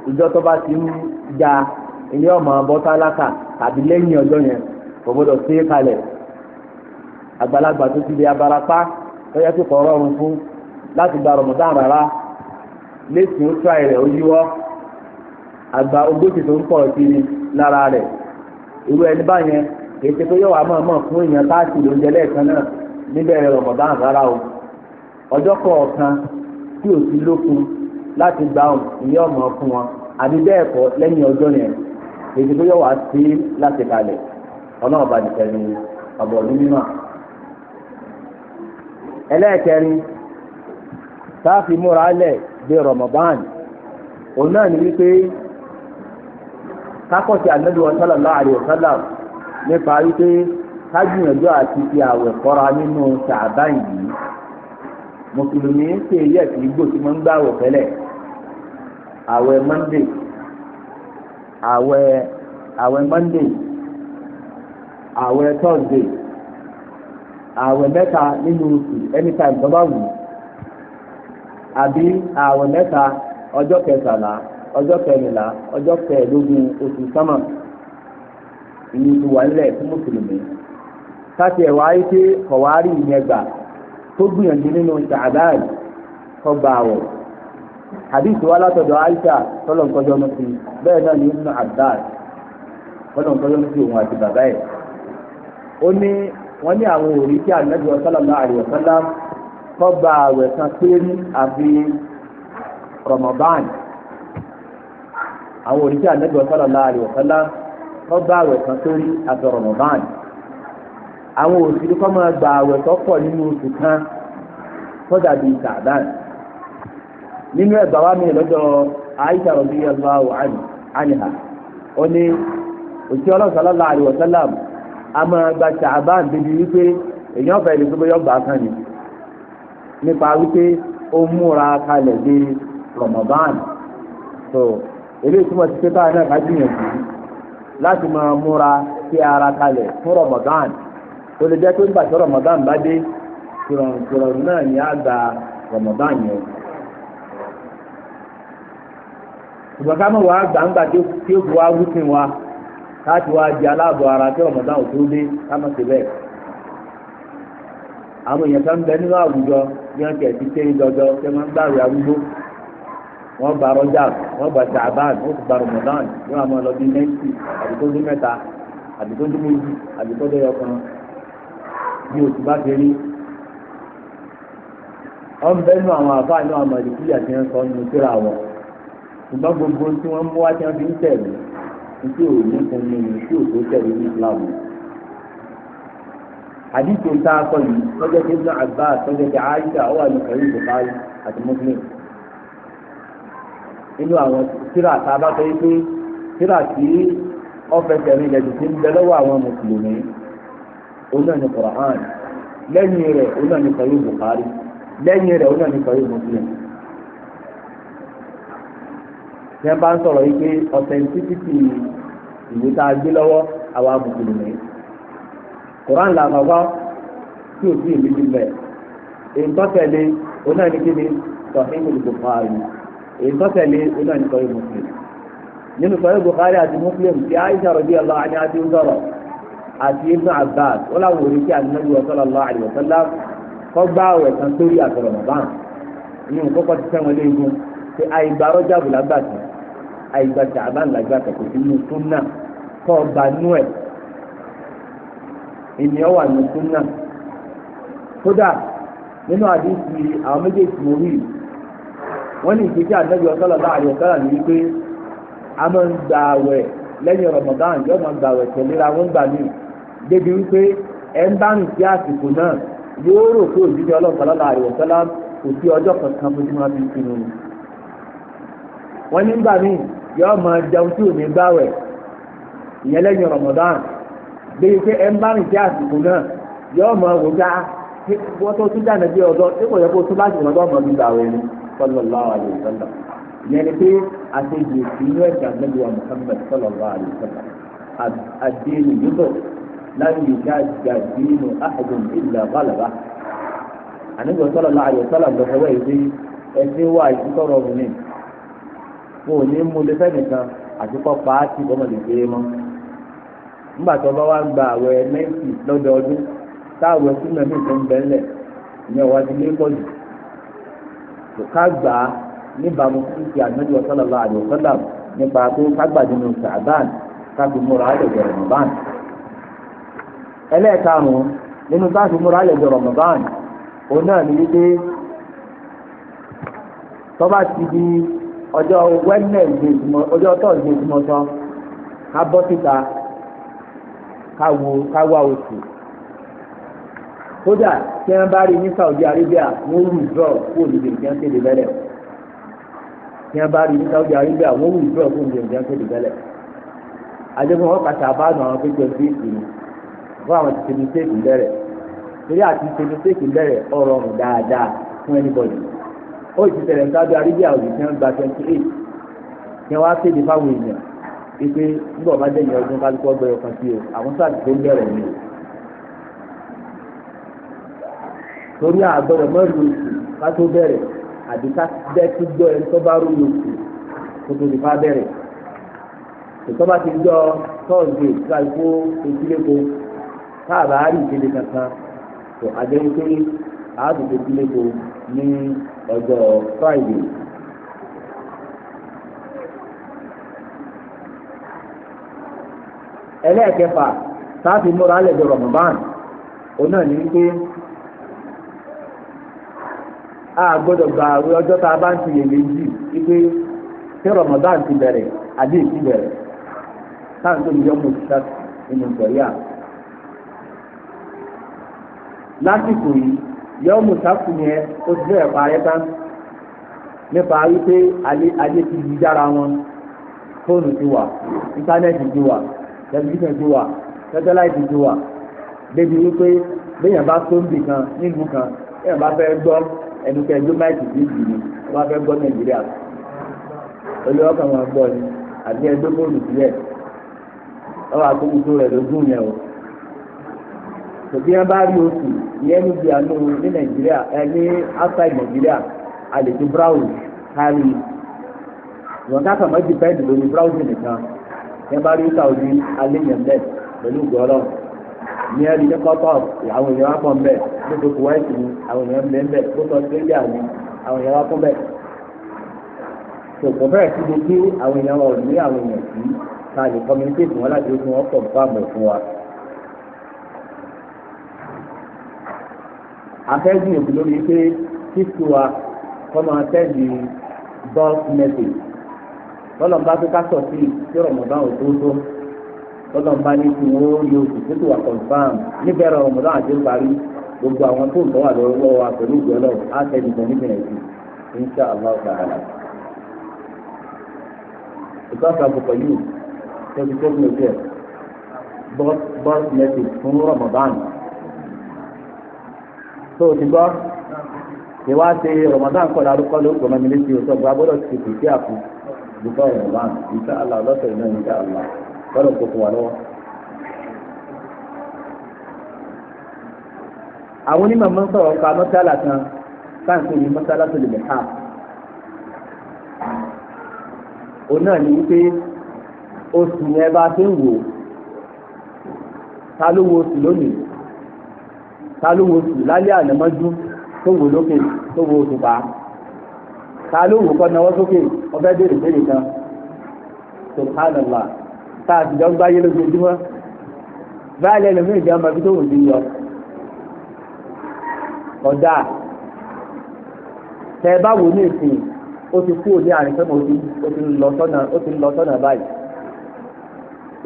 ìjọ tó bá ti ń ilé ọmọ ọbọ tálákà tàbí lẹ́yìn ọjọ́ yẹn kò gbọdọ̀ sí kalẹ̀ àgbàlagbà tó ti di abarapa lọ́yẹ́ tó kọ̀ láti gba rọ̀mọ̀dán rárá lẹ́sìn ó tíra rẹ̀ ó yíwọ́ àgbà ogójì tó ń kiri lára rẹ irú ẹni báyẹn fún èèyàn lóúnjẹ náà rárá o tí ò sí lókun láti gba ọmọ fún wọn èyí tó yọ wá sí láti kalẹ̀ ọlọ́run bá nìkan ni ọ̀bọ̀ ọdún mímọ́. ẹlẹ́ẹ̀kẹrin táàfin múra lẹ̀ bí òun náà ni wípé kákọ̀sí ànábì wọn sallallahu alaihi nípa wípé àti ti àwẹ̀ kọ́ra nínú yìí mùsùlùmí ń ṣe kì í mọ́ ń gbà wọ̀ fẹ́lẹ̀ àwẹ̀ àwẹ̀ àwẹ̀ monday àwẹ̀ thursday àwẹ̀ mẹ́ta nínú oṣù anytime tó bá wù àbí àwẹ̀ mẹ́ta ọjọ́ kẹsànán ọjọ́ kẹrìnlá ọjọ́ kẹẹ̀ẹ́dógún oṣù sámà ìyẹn ti wà nílẹ̀ fún mùsùlùmí ìyẹn gbà tó gba hadith wa látọ̀dọ̀ aisha tọ́lọ̀ nkọjọ́ ní fi bẹ́ẹ̀ náà ní ibnu abbas tọ́lọ̀ nkọjọ́ ní fi òun àti bàbá ẹ̀ ó ní wọ́n ní àwọn òrí tí ànábì sallallahu alaihi wasallam tó gba àwẹ̀ kan péré àfi ramadan àwọn òrí tí ànábì sallallahu alaihi wasallam tó gba àwẹ̀ nínú ẹ̀gbà wa mi lọ́dọ̀ Aisha radiyallahu anha ó ní òtí ọlọ́run sallallahu a máa gba ṣàbán débi wípé èèyàn kan ni nípa wípé ó múra kalẹ̀ dé Ramadan tó eléyìí túmọ̀ sí pé náà ká gbìyànjú láti máa múra sí ara kalẹ̀ fún Ramadan tó lè jẹ́ pé nígbà tí bá dé náà ni á gba ṣùgbọ́n ká mọ̀ wá gbàǹgbà tí ó fi wá wúsìn wa láti wá di aláàbọ̀ ara tí ọ̀mọ̀dá ò tó dé ká mọ̀ sí bẹ́ẹ̀. àwọn èèyàn kan bẹ nínú àwùjọ bí wọ́n tiẹ̀ ti kéré dọdọ tí wọ́n gbàrú arúgbó wọ́n gba rọ́jà wọ́n gba ṣàbán wọ́n ti gba rọmọdán ní wọn lọ bí mẹ́ǹtì àdìgbòdú mẹ́ta àdìgbòdú méjì àdìgbòdú ẹyọkan bí oṣù bá ti rí ọ̀nbẹ́nu àwọn àfáà ní àwọn àdìgbòdú àti ẹ̀ńsọ́ nínú síra wọn. ṣùgbọ́n gbogbo tí wọ́n mú wá tí wọ́n fi ń tẹ̀lé tí ò ní fún mi ní tí ò tó tẹ̀lé ní Islam. àdìsí tá a kọ yìí tọ́jọ́ tí Ibn Abbas tọ́jọ́ tí àti Muslim. nínú àwọn tíra tá a bá sọ pé tíra tí ọ̀fẹ́sẹ̀ mi lẹ́sìn ń bẹ lọ́wọ́ àwọn mùsùlùmí ní lẹ́yìn rẹ̀ Muslim. tí wọ́n bá ń sọ̀rọ̀ yìí pé authenticity ìwé tá a gbé lọ́wọ́ àwa mùsùlùmí Quran là bàbá tí ò sí èmi ti bẹ̀ ìtọ́tẹ̀lé onáà ní kíni Sahihul Bukhari ìtọ́tẹ̀lé onáà ní nínú àti Aisha ń sọ̀rọ̀ àti Ibn Abbas wọ́n làwọn òní kí àwẹ̀ kan ti àìgbà ṣàbá làgbà kẹ̀kẹ́ sí inú súnà kọ́ ọba nú ẹ̀ ènìyàn wà ní súnà kódà nínú àdéhùn àwọn méjèèjì mo rí wọ́n ní ìgbésí ànábi ọ̀sọ́lọ̀ bá àyè ọ̀sọ́lọ̀ ní wípé a máa ń gba àwẹ̀ lẹ́yìn Ramadan yóò máa ń gba àwẹ̀ tẹ̀léra wọ́n gbà mí débi wípé ẹ̀ ń bá rìn sí àsìkò náà yóò rò pé òjijì ọlọ́ọ̀sọ́lọ̀ bá àyè ọ̀sọ́lọ̀ kò sí ọjọ́ kankan fún tí wọ́n fi ń míì yóò máa jẹun tí ò ní gbáwẹ̀ ìyẹn lẹ́yìn Ramadan bíi pé ẹ ń bá rìn sí àsìkò náà yóò máa wò dá ah, wọ́n tó tún dànù bí ọ̀dọ́ tí kò yẹ kó tún bá jù lọ́dọ̀ ọmọ mi gbàwẹ̀ ni sallallahu alaihi wasallam ìyẹn ni pé àtẹ̀jù ìlú ẹ̀jẹ̀ àgbẹ̀dùwà Muhammad sallallahu alaihi wasallam àdéhùn yóò láyé ìdájà dínú àhùn ìlà bàlàbà ànígbà sallallahu alaihi wasallam lọ́kọ̀wé ìdí ẹ̀sìn wà ìtútọ́rọ̀ ọ̀rùn nìyí. wọn onye ní mú lé fẹ́nìkan àti ti mọ́ nígbà tó bá wá gba àwẹ̀ lọ́dọọdún táwọn tó ń di lẹ́kọ̀ọ́lù kò ká gbà á níbàámu fún ti àdúgbò sọlọ́lá àdìọ́sọ́lá nípa pé ká nínú sàbáàn múra ọjọ́ wẹ́nẹ̀dẹ̀ ọjọ́ tọ́ọ̀dẹ̀ tí mo sọ ká bọ́ síta ká wo ká wá oṣù kódà tí wọ́n bá rí ní Saudi Arabia wọ́n wù jọ kó olùdè ìjẹun kéde bẹ́lẹ̀ tí wọ́n bá rí ní Saudi Arabia wọ́n wù jọ kó olùdè ìjẹun kéde bẹ́lẹ̀ àdébò wọn kàtà àbáàdùn àwọn pípẹ́ sí ìsinmi fún àwọn ti ṣe mistake bẹ̀rẹ̀ torí àti ṣe mistake bẹ̀rẹ̀ ọ̀rọ̀ ọ̀rùn dáadáa fún anybody ó sì tẹ̀lé sáájú arígbé àwọn òbí gba twenty eight kí wọ́n á kéde fáwọn èèyàn pé nígbà bá dẹ̀yìn ọdún kálukú ọgbẹ́ ọkàn sí o àwọn sáà tó ń bẹ̀rẹ̀ ni o. torí àgbọ̀dọ̀ mọ́rin oṣù ká tó bẹ̀rẹ̀ àbí ká dẹ́kú gbọ́ ẹni tó bá rú oṣù kó tó lè bá bẹ̀rẹ̀. ìtọ́ bá ti jọ tọ́ọ̀dù kálukú etíléko káàbà á ìkéde kankan tó àjẹ́ wípé àádùn ní ọjọ́ Friday. ẹlẹ́ẹ̀kẹfà sáàfì múra lẹ́dọ̀ Ramadan òun náà ní wípé a gbọ́dọ̀ gba àwọn ọjọ́ tá a bá ń ti yè méjì wípé ṣé Ramadan ti bẹ̀rẹ̀ àbí èsì bẹ̀rẹ̀ táǹtò ìjọ mọ̀ sí nínú ìgbọ̀yà lásìkò yìí. yọọ mùsàkù yẹn ó ti bẹ̀rẹ̀ parẹ́ tán nípa wípé ayé ti yí dára wọn fóònù ti wà íńtánẹ́ẹ̀tì ti wà tẹlifíṣàn ti wà sẹtẹláìtì ti wà débi wípé béèyàn bá tó ń bì kan nílùú kan béèyàn bá fẹ́ gbọ́ ẹnu kẹjọ máìkì sí ìdì ni wọ́n bá fẹ́ gbọ́ nàìjíríà olówó kan wọn gbọ́ ni àbí ẹgbẹ́ fóònù sílẹ̀ ọ̀rọ̀ àtúntò rẹ̀ lógún yẹn o tòbí wọn bá rí oṣù ìyẹn níbi àánú ní nàìjíríà ẹ ní outside nàìjíríà àlejò brown kárí ìwọ̀n ká kàmọ́ dìpẹ́ndì lórí brown nìkan ẹ bá rí sàwọ́dí alẹ́ yẹn bẹ́ẹ̀ pẹ̀lú gbọ́rọ̀ ní ẹni ní kọ́kọ́ àwọn èèyàn wá pọ̀ mbẹ́ gbogbo kuwaiti ni àwọn èèyàn mbẹ́ mbẹ́ gbogbo australia ni àwọn èèyàn wá pọ̀ mbẹ́ tòkò bẹ́ẹ̀ síbi tí àwọn èèyàn wọ̀ ní àwọn èèyàn sí ká lè communicate wọn láti fún wọn pọ̀ fún àmọ̀ fún wa. afẹ́gbìyànjú lórí pé títù wa kọ́mọ tẹ́lẹ̀ bọ́ọ̀sì mẹ́tì lọ́lọ́mbá tó ká sọ̀tì tí rọ̀mọ̀dán ò lọ́lọ́mbá ní kí wọ́n wa confam níbẹ̀rẹ̀ rọ̀mọ̀dán àti parí gbogbo àwọn tó ń bọ̀ wà lọ́wọ́ wa pẹ̀lú ìgbọ́lọ́ á bọ̀ níbẹ̀ yẹn sí insha allah ta'ala. ìtọ́sà àbùkọ yìí tẹ́lẹ̀ tẹ́lẹ̀ bọ́ọ̀sì mẹ́tì so ti gbọ́ ṣe wá ṣe Ramadan kọ́ la ló gbọmọ létí o gba gbọ́dọ̀ ti fi sí àpò bíkọ́ Ramadan ala Allah ọlọ́sẹ̀ náà insha Allah gbọ́dọ̀ kókó wa lọ́wọ́. àwọn onímọ̀ máa ń sọ̀rọ̀ pa mọ́sálà kan káàkiri ní mọ́sálà tó lè lè ha o náà ní wípé oṣù yẹn bá ti ń wò ta ló wo oṣù lónìí. ta ló wo sùn lálẹ́ ànámọ́jú tó wò lókè tó wò òṣùpá ta ló wò kọ́ náwó sókè ọbẹ̀ béèrè béèrè kan subhanallah tá a ti jọ gbáyé lójoojúmọ́ báyìí lẹ́nu mí ìjọba ibi tó wù sí yọ ọ̀dà tẹ bá wò ní ìsìn ó ti kúrò ní àárín pẹ́ mọ́ ó ti lọ sọ́nà ó ti lọ sọ́nà báyìí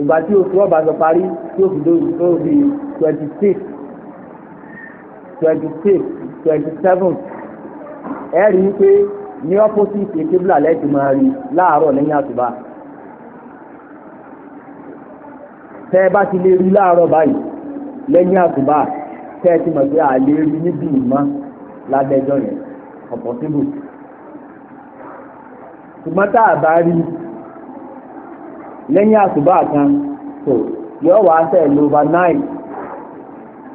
ìgbà tí oṣù ọba sọ parí tí ó fi dóòlù tó bí twenty six twenty six twenty seven ẹ rí i pé ní opposite kébìlà lẹ́ẹ̀tì máa rí láàárọ̀ lẹ́yìn àsùbá tẹ́ ẹ bá ti lè rí láàárọ̀ báyìí lẹ́yìn àsùbá tẹ́ ẹ ti mọ̀ pé àlè rí níbi ìmọ̀ lábẹ́jọ́ yẹn ọ̀pọ̀ ṣùgbọ́n tá a bá rí lẹ́yìn àsùbá kan tó yọ wá sẹ́ẹ̀ lóba náírà.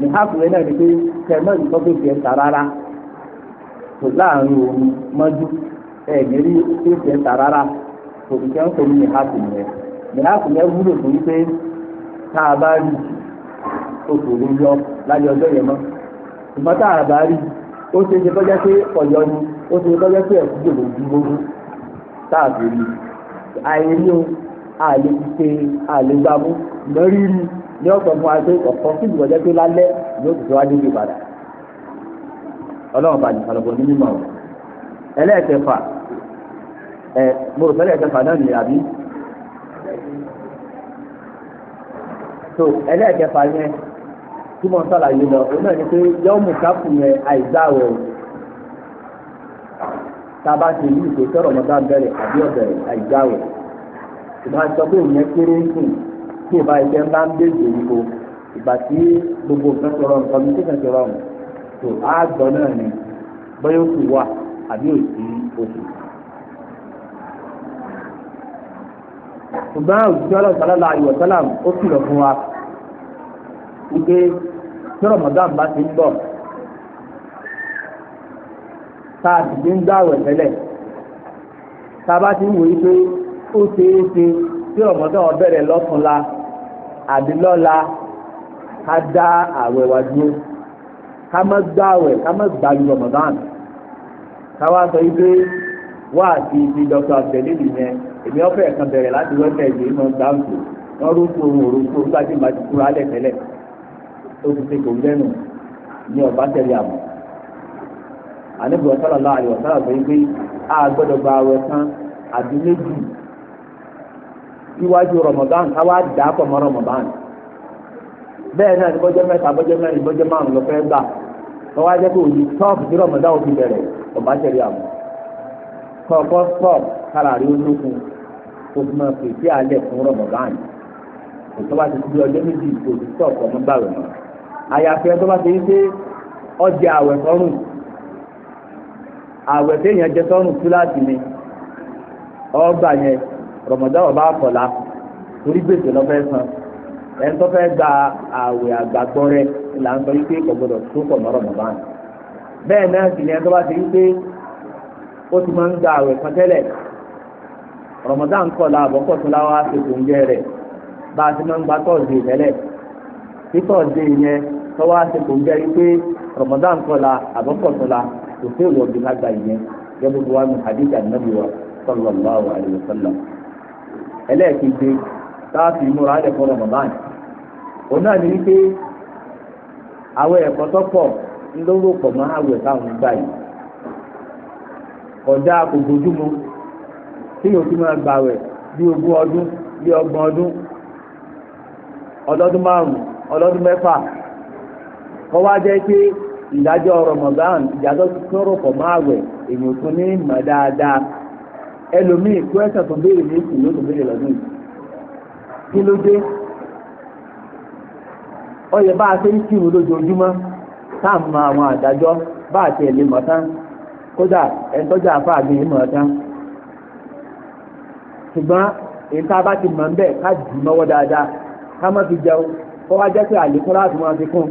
ní hàpùrẹ́ náà ni pé kẹ̀mọ́ ìgbọ́ pé bìẹ́ ta rárá kò láàrin òun mọ́jú ẹ̀ nírí pé bìẹ́ ta rárá kò sì kẹ́ ń pè ní hàpùrẹ́ ní hàpùrẹ́ wúlò fún wípé tá a bá rí oṣù ló yọ lálẹ́ ọjọ́ yẹn mọ́ ṣùgbọ́n tá a bá rí ó ṣe é ṣe tọ́jọ́ pé ọ̀yọ́ ni ó ṣe é tọ́jọ́ pé ẹ̀kú gbòòrò dúró tá a bèrè àìrí o àlè ti ṣe àlè gbàmú lọ́rí rí ní ọ̀pọ̀ fún wa pé ọ̀pọ̀ sí ìlú ọjọ́ pé lálẹ́ yóò tún wá níbi padà ọlọ́run bàjẹ́ kàlọ́bọ̀ ní mímọ́ o ẹlẹ́ẹ̀kẹfà ẹ mo rò fẹ́lẹ́ ẹ̀kẹfà náà nìyà bí so ẹlẹ́ẹ̀kẹfà yẹn tí mo ń sàlàyé lọ òun náà ni pé yọ́ọ̀mù káfù yẹn àìdáwọ̀ tába ti ní ìpè sọ̀rọ̀ mọ́tà bẹ̀rẹ̀ àbí ọ̀bẹ̀rẹ̀ àìdáwọ̀ ìbá sọ pé òun yẹn kéré ń sùn tí ìbá ìfẹ́ ń bá ń bèèrè ìbò ìgbà tí gbogbo nǹkan ti rọrùn kọ́ni tí nǹkan ti rọrùn tó á gbọ́ náà ni bóyá oṣù wà àbí òsì oṣù. ṣùgbọ́n òṣìṣẹ́ ọlọ́sàlá la ìwọ̀ sálà ó kìlọ̀ fún wa wípé tí Ramadan bá ti ń bọ̀ tá a sì ti ń gbàwẹ̀ tẹ́lẹ̀ tá a bá ti ń wòye pé ó ṣeé ṣe. tí ọmọdé wọn bẹ̀rẹ̀ lọ́túnla àbí lọ́la ká dá àwẹ̀ wa dúró ká má gbá àwẹ̀ ká má gbá ju Ramadan ká wá sọ wípé wá àti ibi dr abdelili yẹn èmi ọ̀fẹ́ kan bẹ̀rẹ̀ láti wẹ́tẹ̀ yìí mọ wọn rúkú ohun òrùkú ti kúrò ó ti ṣe kò ní a gba síwájú Ramadan ká wá dà á Ramadan bẹ́ẹ̀ náà ní bọ́jọ́ mẹ́ta bọ́jọ́ mẹ́rin bọ́jọ́ márùn ló fẹ́ gbà wọ́n wá jẹ́ pé òní tọ́ọ̀pù tí Ramadan bẹ̀rẹ̀ ọ̀bá tẹ̀lé àmọ́ kára rí olókun máa pèsè fún Ramadan bá ọmọ mọ́ àyàfi bá ti ọjà àwẹ̀ àwẹ̀ ni ọgbà yẹn rọmọdé ọba àkọlá torí gbèsè lọ́fẹ́ san ẹni tó fẹ́ gba àwẹ̀ àgbàgbọ́ rẹ là ń sọ yí pé kò gbọdọ̀ tó pọ̀ mọ́ rọmọdán bẹ́ẹ̀ náà sì ni ẹni tó bá ti rí pé ó ti máa ń gba àwẹ̀ kan tẹ́lẹ̀ rọmọdán kọlá àbọ̀kọ̀tún láwọn àṣepọ̀ oúnjẹ rẹ̀ bá a ti máa ń gba tọ́ọ̀dé tẹ́lẹ̀ tí tọ́ọ̀dé yẹn tọ́wọ́ àṣepọ̀ oúnjẹ rí pé rọmọdán kọlá àbọ̀kọ̀tún kò sí ìwọ̀n bí lágbàá yẹn gẹ́gẹ́ bí wọ́n mú hadith ànábì wa sallallahu alayhi wa sallam. ẹlẹ́ẹ̀keje táàfì múra ẹ̀ fọ́ rọmọdán òun náà ní wípé àwọn ẹ̀kọ́ tó pọ̀ ńlọ́rọ̀ pọ̀ mọ́ àwẹ̀ táwọn gbà tí yóò fi máa bí bí ọgbọ̀n ọdún ọlọ́dún márùn-ún ọlọ́dún ẹlòmíì kó ẹ̀sẹ̀ tó ń béèrè ní ìsìn ló tó béèrè lọ́dún yìí kí ló dé ọyẹ bá a ṣe ń kírun lójoojúmọ́ tá à ń mọ àwọn àdájọ́ bá a ti ẹ̀ lè mọ̀ tán kódà ẹ̀ńtọ́jà àfáàgbé yìí mọ̀ tán ṣùgbọ́n èyí tá a bá ti mọ̀ ń bẹ̀ ká jù mọ́wọ́ dáadáa ká má fi jẹun kó wá jẹ́ pé àlékún láti máa fi kún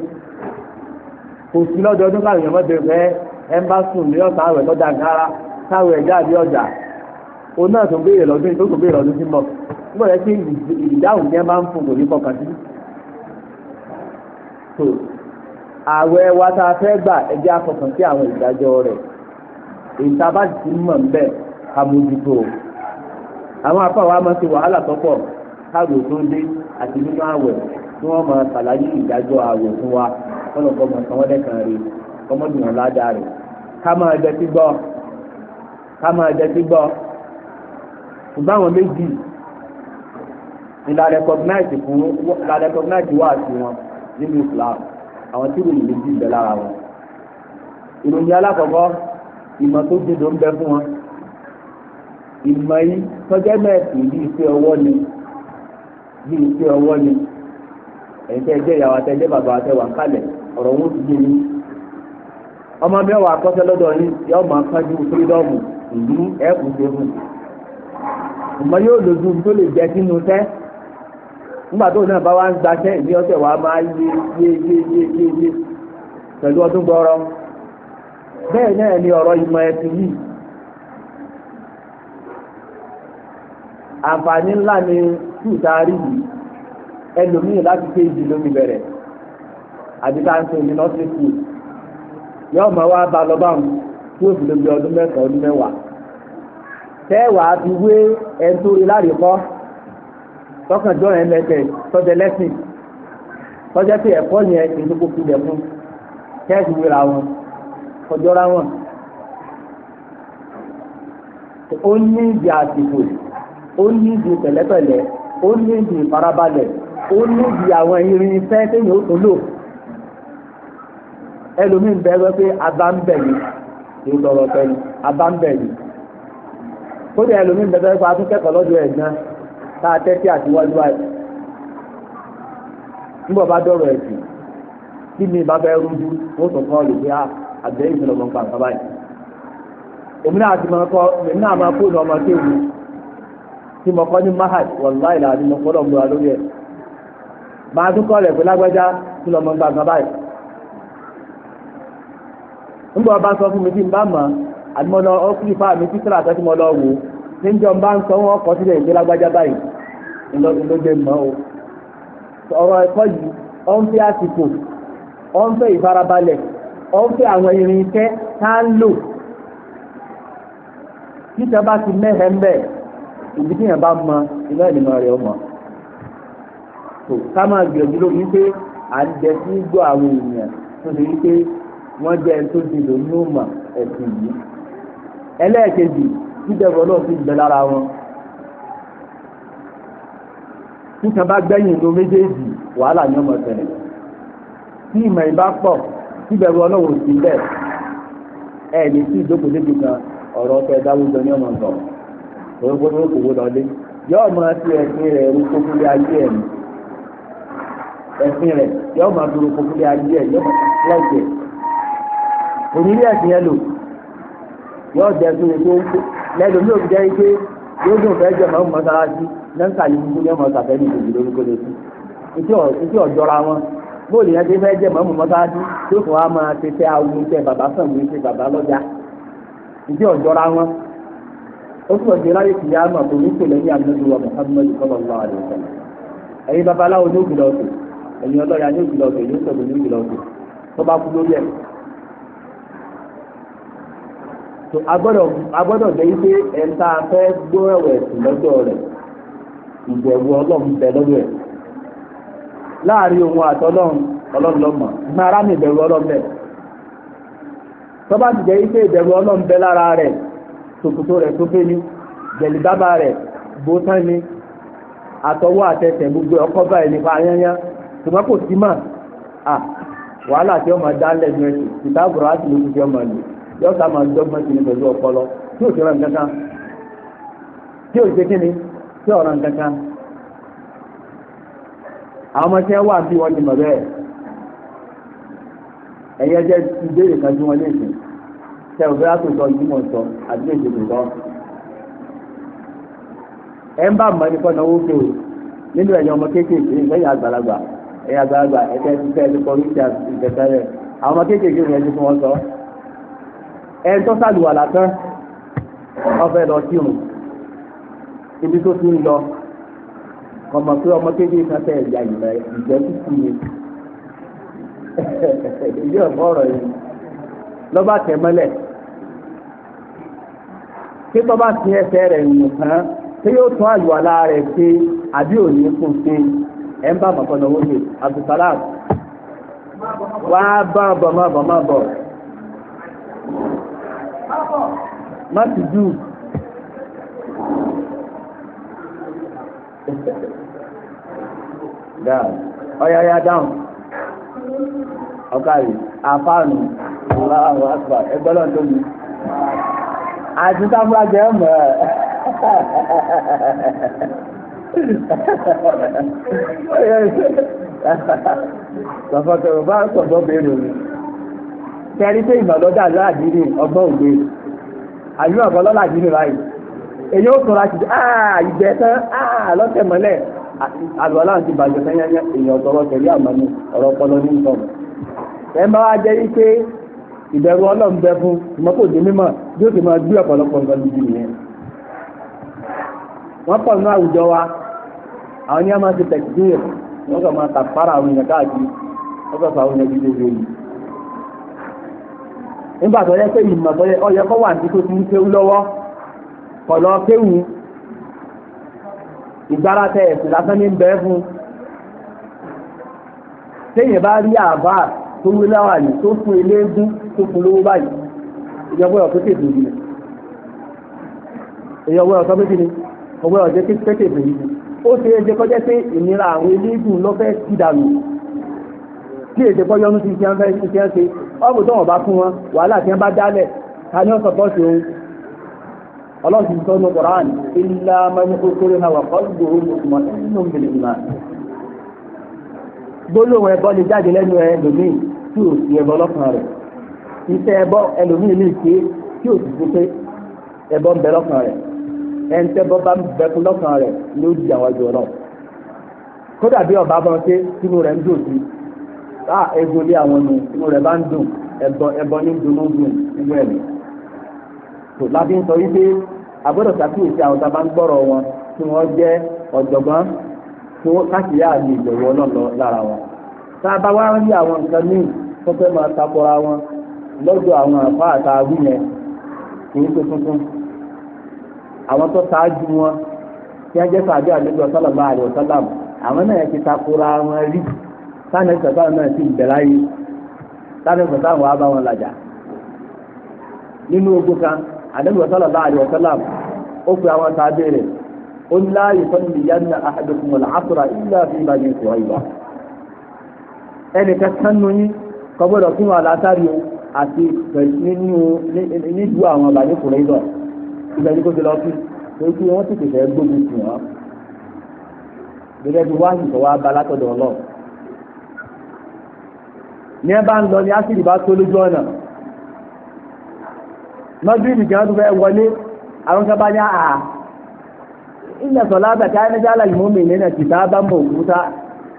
kò sí lọ́dọọdún káwọn èèyàn mọ́ bẹ̀rẹ̀ ẹ ń bá sùn ní ọ̀sán àwẹ̀ lọ́dà ńkára káwọn ẹ̀já ọ̀dà òun náà tó béèrè lọ́dún tó tó béèrè lọ́dún sí mọ̀ nígbà yẹn ìdáhùn yẹn máa ń fún kò kọkàn sí. ààwẹ̀ wa tá fẹ́ gbà ẹjẹ́ akọkàn sí àwọn ìdájọ́ rẹ̀ ìta bá ti mọ̀ ń bẹ̀ ká àwọn apá wa máa ti wàhálà tọ́pọ̀ káàdùn tó dé àti nínú ààwẹ̀ tí wọ́n máa ṣàlàyé ìdájọ́ ààwẹ̀ fún wa kọ́lọ̀kọ́ mọ̀ máa jẹ́ sí gbọ́ ká máa jẹ́ sí gbọ́ ṣùgbọ́n àwọn méjì ni la recognize fún la recognize wá sí wọn nínú Islam àwọn tí ìròyìn méjì ń bẹ lára wọn ìròyìn alákọ̀ọ́kọ́ ìmọ̀ tó dídò ń bẹ fún wọn ìmọ̀ yìí tọ́jẹ́ mẹ́ẹ̀sì bí iṣẹ́ ọwọ́ ni bí iṣẹ́ ọwọ́ ni ẹ̀yin tẹ́ ẹ jẹ́ ìyàwó àtẹ́jẹ́ bàbá àtẹwà kalẹ̀ ọ̀rọ̀ wọn ti gbé yín ọmọ mẹ́wàá akọ́ṣẹ́ lọ́dọ̀ yín yọ àmọ́ yóò lójú tó lè jẹ sínú tẹ́ nígbà tó náà bá wá ń gbaṣẹ́ ìní ọ̀sẹ̀ wa máa yé yé yé yé yé yé pẹ̀lú ọdún gbọ́rọ́ bẹ́ẹ̀ náà ni ọ̀rọ̀ ìmọ̀ ẹ̀sìn yìí àǹfààní ńlá ni tùtàrí yìí ẹlòmíì láti ké ìdí lómi bẹ̀rẹ̀ àti ká ń sọ ní nọ́ọ̀sì kù yọ́ọ̀ máa wá ba lọ́bàmù tí ó fi lè gbé ọdún mẹ́sàn-án ọdún mẹ́wàá tẹ́wàá fi wé ẹni tó rí láre kọ́ tọkànjọ́ yẹn lẹ́sẹ̀ tọ́jẹ́ lẹ́sìn tọ́jẹ́ pé ẹ̀kọ́ yẹn kì í tó kó kulẹ̀ fún tẹ́ẹ̀sì wéra wọn kọjọ́ra wọn. ó ní ìdí àsìkò ó ní ìdí pẹ̀lẹ́pẹ̀lẹ́ ó ní ìdí ìfarabalẹ̀ ó ní ìdí àwọn irinṣẹ́ téèyàn ó tó lò ẹlòmíín bẹ́ẹ̀ wọ́n pé abá ń bẹ̀ ni ìrùtọ̀rọ̀ pẹ̀lú abá ń bẹ̀ ni. kódà ẹlòmíín bẹ̀rẹ̀ fẹ́ fà tún kẹ́kọ̀ọ́ lọ́dọ̀ gan tá a tẹ́tí àtiwájú àti nígbà bá dọ̀rọ̀ ẹ̀sìn tí mi bá fẹ́ rújú wọ́n sọ fún ọ lè fi àgbẹ̀ ìṣẹ̀lẹ̀ ọmọ nǹkan àgbà mahad mo lórí máa tún lágbájá tí nǹkan nígbà bá àti mo lọ ó kí ifá mi mo lọ wò níjọ bá ń sọ wọn kọ sílẹ̀ ìgbé lágbájá báyìí ìlọgbẹ mọ́ o ọ̀rọ̀ ẹ̀kọ́ yìí ó ń fẹ́ àsìkò ó ń fẹ́ ìfarabalẹ̀ ó ń fẹ́ àwọn irinṣẹ́ tá ń lò títẹ bá ti mẹ́hẹ̀ ń bẹ̀ ìdí tí yẹn bá mọ iná ìlànà rẹ̀ ọmọ tó ká máa gbìyànjú lórí pé à ń jẹ sí gbọ́ àwọn èèyàn tó ṣe wípé wọ́n jẹ́ ẹni tó ti lò ní òmà ẹ̀sìn yìí ẹlẹ́ẹ̀kejì jíjẹ̀bọ̀ náà sì gbẹ lára wọn títan bá gbẹ̀yìn ló méjèèjì wàhálà ní ọmọ ìṣẹ̀lẹ̀ tí ìmọ̀ ìbá pọ̀ síbẹ̀rù ọlọ́run sí bẹ́ẹ̀ ẹ̀ lè sí ìjókòó débi kan ọ̀rọ̀ ọ̀fẹ́ dáwùjọ ní ọmọ ìṣọ̀ orúkọ tó kò wó lọlé yóò máa ti ẹ̀sìn rẹ̀ orúkọ fúlé ayé ẹ̀ ẹ̀sìn rẹ̀ yóò máa fi orúkọ fúlé ayé ẹ̀ yóò máa fi láìpẹ́ òní ilé ẹ̀sìn yẹn lò yóò jẹ́ tó yẹ kó lẹ́nu mi ò jẹ́ pé yóò dùn fẹ́ jẹ́ màmú mọ́sálásí náà ń kàlí kúkú ní ọmọ sàfẹ́ ní ìdòdò lórúkọ lóṣù etí ọ̀jọ́ra wọn bóòlù yẹn ti fẹ́ jẹ́ màmú mọ́sálásí tó fún wa máa ti fẹ́ awu tẹ bàbá sàn mí ṣe bàbá lọ́jà etí ọ̀jọ́ra wọn ó túbọ̀ ṣe láyé kìí àmọ̀ tó ní kò lẹ́yìn àmì wa Muhammadu sallallahu alaihi wasallam ẹ̀yin babaláwo ní òkìlọ̀ lórí ẹ̀ tó agbọ́dọ̀ jẹ́ wípé ẹ̀ńtà fẹ́ gbọ́ ẹ̀wọ̀ ẹ̀sìn lọ́dọ̀ rẹ̀ ìbẹ̀wò ọlọ́run bẹ lọ́dọ̀ ẹ̀ láàrin òun àtọ́lọ́run mara lọ́mọ ní ìbẹ̀wò ọlọ́run bẹ̀ ti jẹ́ wípé ìbẹ̀wò ọlọ́run bẹ lára rẹ̀ rẹ̀ tó fẹ́ ni yọ ka ma dọ́gbọ́n si ni pẹ̀lú ọpọlọ tí ti ra nǹkan kan ti kí ni tí ò ra nǹkan àwọn ọmọ tí wà bí wọ́n ti ìbéèrè kan tí wọ́n lè sìn tẹ òfin àtòsọ ìdúmọ̀ sọ àti èdè ìdúmọ̀ ẹ̀ ń bá mọ̀ nípa náwó kéwòn nínú ẹ̀yìn ọmọ kéékèèké àgbàlagbà ẹni tó sàlùwà látán ọfẹ́ lọ sí òun ibi tó ti ń lọ ọmọ pé ọmọ kékeré kan tẹ̀ ẹ̀yà ìgbà ìjẹ́ tútù ni èyí ọ̀pọ̀ ọ̀rọ̀ yìí lọ́ba tẹ̀ mọ́lẹ̀ kí tọ́ba ti ẹsẹ̀ rẹ̀ nù tán tí yóò tún àlùwàlá rẹ̀ ṣe àbí òní fún ṣe ẹ̀ ń bá mọ̀kànlá owó ṣe Abdulsalam wàá bá bọ̀ má bọ̀ má ti jù dáa ọ̀yà ọ̀yà dáhùn ọ̀kàrí àfáànù aláwọ̀ àgbà ẹgbẹ́ náà tó mi àti sáfúrájẹ́ mọ̀ ẹ́ sọ̀fọ̀tọ̀ bá sọ̀fọ̀ bẹ́ẹ̀ lónìí. kẹrí pé ìmọ̀lọ́dà lọ́làdínì ọgbọ́n ògbé àyú ọ̀gbọ́n lọ́làdínì báyìí èyí ó kọ́ra ti áà tán áà mọ́lẹ̀ àlùwalá ti bàjẹ́ sẹ́yẹ́yẹ́ èèyàn tọrọ tẹ̀lé àmọ́ni ọ̀rọ̀ ọpọlọ ní nǹkan ẹ wá jẹ́ ìbẹ̀rù ọlọ́run bẹ fún ìmọ́kò dé yóò ti máa gbé ọ̀pọ̀lọpọ̀ nǹkan nìyẹn wọ́n pọ̀ nínú àwùjọ wa àwọn ní máa ti wọ́n kàn máa tàpárà àwọn èèyàn káàkiri wọ́n fà àwọn èèyàn nígbà tó yẹ pé ìmọ̀ tó yẹ ọyẹ kọ́ wà ní tó ti ń kéwú lọ́wọ́ kọ̀ lọ kéwú ìgbára tẹ ẹ̀sìn lásán ní bẹ́ẹ̀ fún téèyàn bá rí àbá tó wí láwà ní tó fún eléégún tó fún lówó báyìí ìjọba ọ̀tọ́ tètè yìí ìjọba ọ̀tọ́ méjì ni ọgbẹ́ ọ̀jẹ́ tètè yìí ó ṣe é jẹ́ kọjá pé ìnira àwọn eléégún lọ́fẹ́ ti dànù tí èsè kọ́ yọnu sí ti ń fẹ́ ti ń ṣe ọ́bù tó wọ́n bá fún wọn wàhálà tí wọ́n bá dálẹ̀ ta ni ó sọ bọ́ọ̀sì òun ọlọ́run ti sọ ní Qur'an ilá mẹ́rin kókóró náà wà kọ́lùgbòrò mọ̀ nínú ìbìlẹ̀ ìmọ̀ gbólóhùn ẹbọ lè jáde lẹ́nu ẹlòmíì tí ò sí ẹbọ lọ́kàn rẹ̀ iṣẹ́ ẹbọ ẹlòmíì lè ṣe tí ò sì fi pé ẹbọ ń bẹ lọ́kàn rẹ̀ ẹnitẹ́ bọ́ bá ń bẹ fún lọ́kàn rẹ̀ ló di àwọn ìjọ náà kódà bí ọba bọ́n ṣe sínú rẹ̀ ń dòdì á ah, ego lé àwọn ni inú rẹ̀ bá ń dùn ẹ̀bọ ẹ̀bọ ní dùn dùn nínú tó ń sọ wípé àwọn tá a bá ń wọn tí wọ́n jẹ́ ọ̀jọ̀gbọ́n tó káàkiri àmì ìbẹ̀wò ọlọ́run lára wọn. tá a bá wá rí àwọn nǹkan míì tó fẹ́ máa takora wọn lọ́dọ̀ àwọn àfa àtàwí yẹn kì í ṣe tuntun àwọn tó ṣáájú wọn sáni sọ̀tà náà sì bẹ̀ láyé sáni sọ̀tà wọn á bá wọn làjà nínú ogun kan àdébù sọlọ bá àdìwọ sọlá ó pe àwọn tá a béèrè ó ní láàyè sọ́ni ìyáná àdókùn wọn làásùrà ìlà fi bá yẹn sọ̀rọ̀ ìlọ. ẹnìkan sánú yín kọ́gbọ́dọ̀ fún wa látàrí àti nínú nídùú àwọn ọ̀là ní kùrẹ́ ìlọ ìgbà yìí kó ti lọ sí torí pé wọ́n ti tẹ̀sẹ̀ gbógun sí wọn. gẹ́gẹ́ bí wáyé sọ wá bá látọ̀dọ̀ ọlọ́run ní ẹ bá ń lọ ní ásìdì bá tó lójú ọ̀nà mọ́gírìbì kan tó fẹ́ wọlé àwọn kan bá ní àà ilẹ̀ sọ̀lá àtàkà ẹnẹ́jà àlàyé mọ́mì nínú ìtìta bá ń bọ̀ òkúta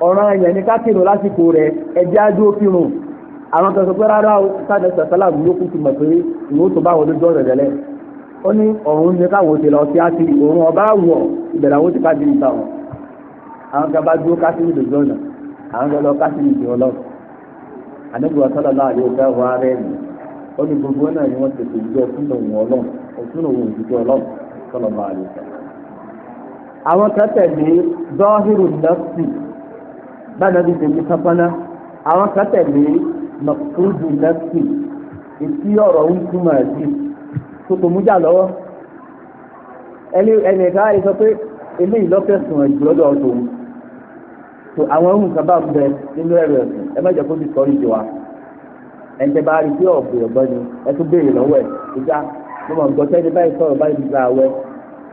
ọ̀ràn ẹ̀yẹ̀ ní kákìrò lásìkò rẹ̀ ẹ̀jẹ̀ ájú òkìrùn àwọn kan sọ pé rárá o sáde sàtàlà ló kú ti mọ̀ pé ìwé tó bá wọn lójú ọ̀nà tẹ́lẹ̀ ó ní ọ̀run ní káwọn ti lọ sí àti òun ọba wọ̀ ìbẹ̀rẹ̀ àwọn ti ká di ìta wọn àwọn kan bá dúró kásìrì lójú ọ̀nà àwọn kan lọ kásìrì ìdí ọlọ́run àdébùwà sọ́lá náà yóò fẹ́ wá rẹ̀ mí ó ní gbogbo náà ni wọ́n ti fi jọ fún òun ọlọ́run òfin òun òjijì ọlọ́run sọ́lá náà yóò fẹ́. àwọn kan tẹ̀lé dọ́hírù nọ́ọ̀sì báyìí bí tèmi sápáná àwọn kan tẹ̀lé mọ̀kúrúdù nọ́ọ̀sì ìtí ọ̀rọ̀ ń túmọ̀ sí tuntun mú jà lọ́wọ́ ẹnì kan á yẹ sọ pé eléyìí lọ́fẹ̀ẹ́ sùn ẹ̀ jùlọ́dọ̀ ọ̀tún tó àwọn ohun kan bá ń bẹ nínú ẹ̀rọ ẹ̀sìn ẹ má jẹ́ kó ti sọ́ọ́rì jù wa ẹ̀ǹtẹ̀ bá rí pé ọ̀bùn ọ̀gbọ́n ni ẹ tún béèrè lọ́wọ́ ẹ̀ ìjà mo mọ̀ gbọ́ sẹ́ni báyìí sọ̀rọ̀ báyìí gba àwẹ̀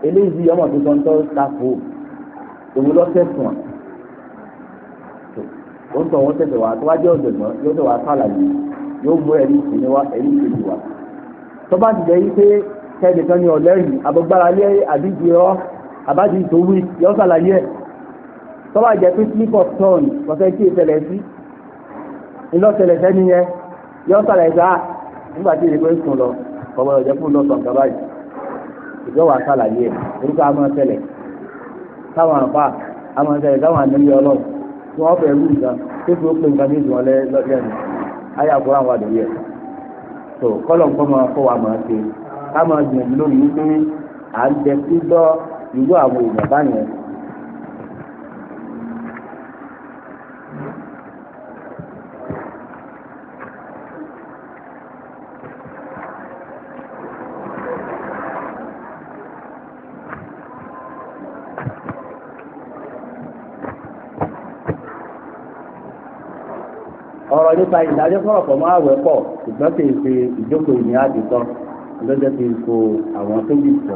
eléyìí ọmọ tó tán tó tako òun lọ́sẹ̀ sùn ó ń tọ̀ wọ́n tẹ̀sẹ̀ wá tó wájú ọ̀dọ̀gbọ́n yóò tẹ̀ wá sàlàyé yóò mú ẹ̀rí ìkíní wá ẹ̀rí ìkejì wá tó bá ti jẹ́ yí pé kẹ́ẹ̀dẹ̀kan ni ọ̀lẹ́rìí àbọ̀gbára lé àdíjì ọ́ àbájì ìtòwí yọ sàlàyé tọ́wọ́ àjẹ́ pé slip of tongue kọ̀ọ̀kan tí ìṣẹ̀lẹ̀ sí ìlọ́sẹ̀lẹ̀ sẹ́ni yẹn yọ sàlẹ̀ gbà ah, nígbà tí ìrìnkò sùn lọ ọmọ ìjẹ́ fún lọ́sọ̀ nǹkan báyìí ìjọba àṣàlàyé ẹ̀ orúkọ àmọ́ sẹlẹ̀ táwọn àpá àmọ́ sẹlẹ̀ táwọn àmì ọlọ́run tí wọ́n fẹ́ rú nǹkan tó fi ó pé nǹkan ní ìdùn ọlẹ́ lẹ́nu ayé àkúrò àwọn àdòyí ẹ̀ tó kọ́lọ̀ nǹkan máa kó wa máa ṣe ká máa gbìyànjú lórí wípé à ń jẹ sí gbọ́ ìlú àwọn èèyàn báyẹn ọ̀rọ̀ nípa ìdájọ́ sọ̀rọ̀ pọ̀ mọ́ àwẹ̀ pọ̀ ṣùgbọ́n kì í ṣe ìjókòó ìní àdìsọ lọ́jọ́ ti ko àwọn tó yìí sọ.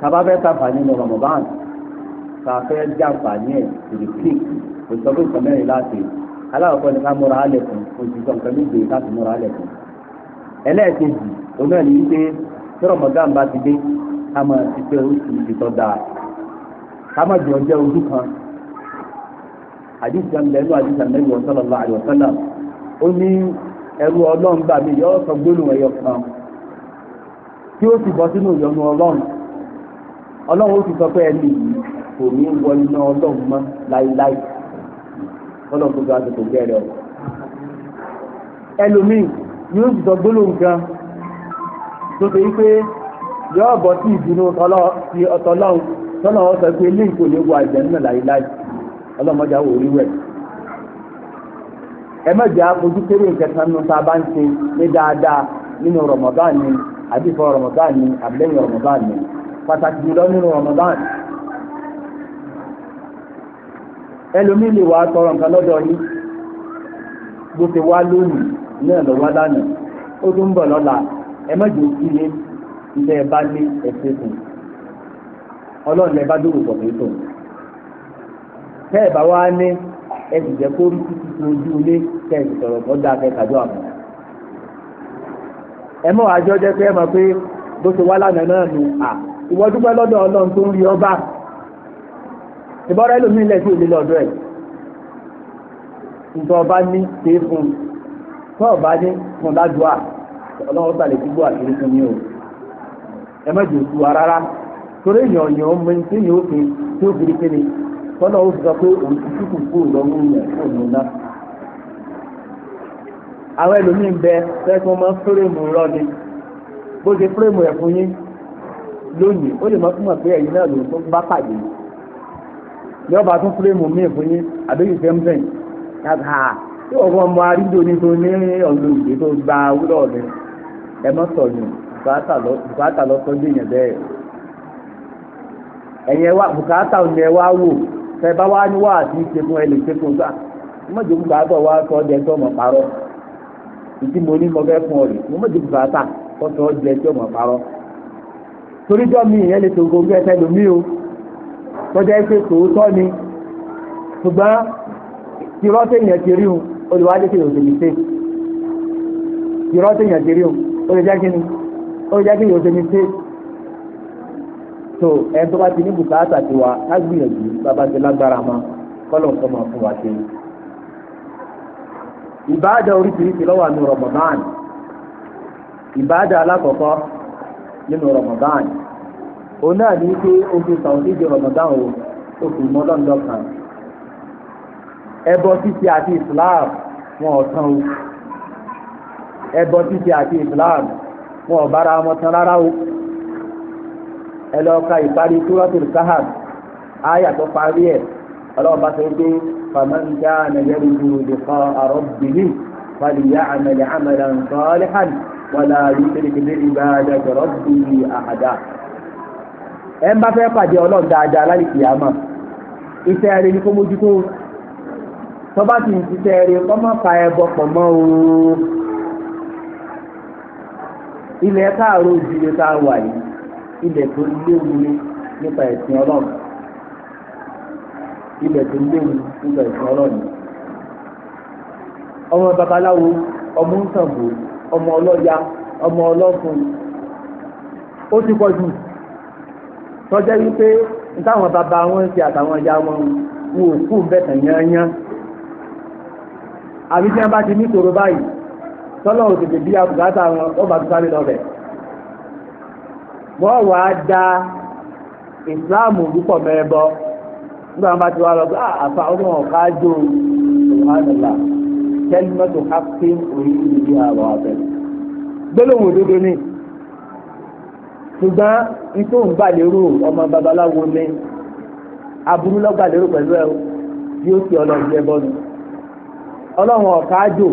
Tàbá fẹ́ sàǹfààní ní Ramadan, ta fẹ́ jàǹfààní ẹ̀ ìrìkì, òṣìṣọ́ tó sọ mẹ́rin láti. Aláwọ̀kọ́ ni ká múra alẹ̀ fún, òṣìṣọ́ nǹkan méje láti múra alẹ̀ fún. Ẹlẹ́ẹ̀kejì, òun náà ní wípé tí Ramadan bá ti dé, ká máa ti pé oríṣiríṣi tó dáa. Ká má jọ jẹ́ ojú kan àdìsí àmìlẹ́nu àdìsí àmìlẹ́nu sallallahu alaihi wasallam ó ní ẹrú ọlọ́run gbà mí yọ sọ gbólóhùn ẹyọ kan tí ó sì bọ́ sínú ìyọnu ọlọ́run ọlọ́run ó ti sọ pé ẹni yìí kò ní wọ iná ọlọ́run mọ́ láíláí ọlọ́run tó ga tètè bẹ̀rẹ̀ ọ̀ ẹlòmíì ni ó sì sọ gbólóhùn kan tó ṣe wípé yọ bọ́ sí ìdùnnú tọ́lọ́run tọ́lọ́run sọ pé eléyìí kò wọ àjẹ́ náà láíláí. ọlọ́mọdé àwọn orí wẹ̀. ẹ má jẹ́ àfojú kéré ìkẹta nínú tá a bá ń ṣe ní dáadáa nínú ni àbí ìfọ̀ ni àbílẹ̀yìn Ramadan ni pàtàkì jùlọ nínú Ramadan. ẹlòmíì lè wá tọrọ nǹkan lọ́dọ̀ yìí bó ti wá lónìí náà wá lánàá ó tún ń bọ̀ lọ́la ẹ má jẹ́ òkú tẹ́ ẹ̀ wá ní ẹ kó rí títí tó ojú ilé tẹ́ sọ̀rọ̀ kọ́ da akẹ́kọ̀ọ́ àjọ ẹ mọ̀ àjọ jẹ́ pé ẹ mọ̀ pé bó ṣe wá lánàá náà nù à ìwọ dúpẹ́ lọ́dọ̀ ọlọ́run tó ń rí ọba sí lọ́dọ̀ ní ṣe é ọba ní fún ọlọ́run sàlẹ̀ àṣírí fún mi o ẹ mọ̀ wa rárá torí èèyàn mọ tọ́lọ̀ ó sọ pé òun ti túkù kúrò lọ́wọ́ yẹn kúrò ní náà. àwọn ẹlòmíín bẹ fẹ́ẹ́ mọ́ fúrèmù rọ́ ni bó ṣe fúrèmù ẹ̀ fún yín lónìí ó lè mọ́ fún mọ̀ pé ẹ̀yin náà ló tó bá pàdé yóò bá tún fúrèmù míì fún yín àbẹ́yìn fẹ́mtẹ́n yàtà tí ọ̀pọ̀ ọmọ arídò ní tó ní ọ̀gbìn ìgbé tó gba wúlọ̀ rẹ̀ ẹ mọ́ sọ̀yìn bùkátà lọ́sọ́dún yẹn bẹ́ẹ̀ ẹ̀yẹ wa bùkátà ọ̀nà ẹ wá wò tẹ bá wá ní wáàdí ìṣẹ́gun ẹ lè ṣẹ́gun gbà mọ̀jọ wá sọ jẹ tó mọ̀ parọ́ ìdí mo ní mo fẹ́ fún ọ rè mo mọ̀jọ bùkátà sọ jẹ tó mọ̀ parọ́ torí jọ́ mi ìyẹn lè tó gbogbo ẹsẹ̀ lómi o tọ́jà ẹsẹ̀ tòótọ́ ni ṣùgbọ́n tìrọ́ tẹ̀yìn ti rí o olùwádìí ṣe tìrọ́ tẹ̀yìn ti rí o olùjẹ́kìnì olùjẹ́kìnì ṣe. so ẹni tó bá ti ní bùkátà ti wa ká gbìyànjú bàbá ti lágbára ma kọ́lọ̀ nǹkan máa fún wa ṣe. ìbáàdà oríṣiríṣi lọ́wọ́ àmì Ramadan ìbáàdà alákọ̀ọ́kọ́ nínú Ramadan òun náà ní pé oṣù sàwùdí di Ramadan o oṣù mọ́lọ́ndọ́ kan ẹbọ títí àti Islam wọn ò tán o ẹbọ títí àti Islam wọn ò bára wọn tán rárá o ẹ lọ ka ìparí túrọ́tìl káhàt áyà tó parí ẹ̀ ọlọ́run bá sọ pé faman kana yarju liqa'a rabbih falya'mal 'amalan salihan wala yushrik bi ibadati rabbih ahada. ẹ ń bá fẹ́ pàdé ọlọ́run dáadáa lálìkì àmọ́ iṣẹ́ rẹ̀ ní kó mójútó tọ́ba ti ń ṣiṣẹ́ rẹ̀ kọ́ mọ́ pa ẹbọ pọ̀ mọ́ ooo ilẹ̀ káàró ìdílé tá wà yìí ilẹ̀ tó léwu nípa ẹ̀sìn ọlọ́run ilẹ̀ tó léwu nípa ẹ̀sìn ọlọ́run ọmọ babaláwo ọmọ nsàngó ọmọ ọlọ́ya ọmọ ọlọ́fun ó ti pọ̀ jù tọ́jà wípé nítawọn bàbá wọn ti àtàwọn ìyá wọn wò kú bẹ́ẹ̀ tàn yányán àbí tí wọn bá ti ní ìṣòro báyìí tọ́lọ̀ òtètè bí abùkátà wọn ó bá tó sáré lọ bẹ̀ẹ́ wọ́n wà á da ìsìláàmù púpọ̀ mẹ́ẹ̀bọ nígbà wọn bá ti wá lọ pé ah, àfa ọdún ọ̀ká jò ṣùgbọ́nàlá kẹ́límọ́tò kápẹ́ orí ìdílé àwọn abẹ. gbólóhùn òdodo ni ṣùgbọ́n ikú ń gbà lérò ọmọ babaláwo ni aburú lọ́gbà lérò pẹ̀lú ẹ̀ bí ó ti ọlọ́run jẹ́ bọ́nu ọlọ́run ọ̀ká jò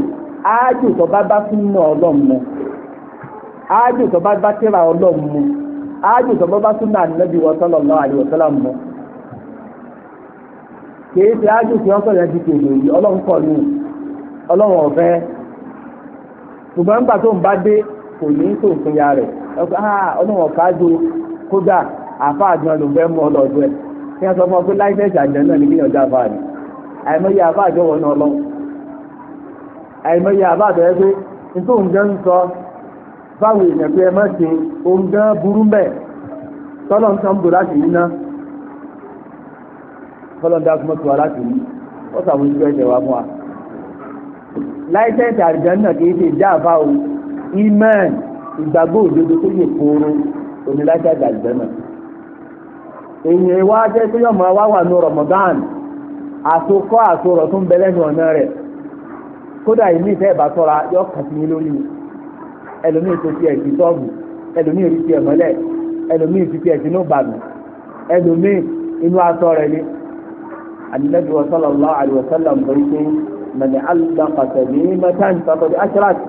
áájò tó bá bá fún ọlọ́run mọ́ áájò tó bá bá tẹ́ra ọlọ́run mọ́. ájù tó bá súnà ànábì wa sallallahu alaihi wa sallam kìí ṣe yẹn ti yìí nígbà tó ń bá dé kò ní í sòfin ya rẹ̀ ha ah, ọ̀kájú kódà àfa àgbọn ló ọ kí sọ fún ọ pé náà ní gbìyànjú àfa àìmọye àfa náà lọ àìmọye àfa nítorí báwo èèyàn pé ẹ má ṣe ohun gan burú ń láti yí ná ń wa láti yí wọ́n sàwọn ìṣẹ́ ẹ̀jẹ̀ wa fún wa. láìsẹ̀ǹsì àlùjánnà kì í ṣe dáàbá o ìgbàgbọ́ òdodo tó yẹ kóró omi wa jẹ́ pé wà ní àtòkọ́ àtòrọ̀ tó ń bẹ lẹ́nu ọ̀nà rẹ̀ kódà ìmí ìfẹ́ ìbátọ́ra yọ ẹlòmíì tó fi ẹ̀sìn sọ́ọ̀bù ẹlòmíì fi tiẹ̀ mọ́lẹ̀ ẹlòmíì fi tiẹ̀ sínú bàbù ẹlòmíì inú aṣọ rẹ̀ ni. Ànábì sallallahu alaihi wasallam bẹ̀rẹ̀ pé mẹ̀lẹ̀ alùpàpàtẹ̀ ní mẹ́ta ìtàkọ̀dé aṣáláàtì.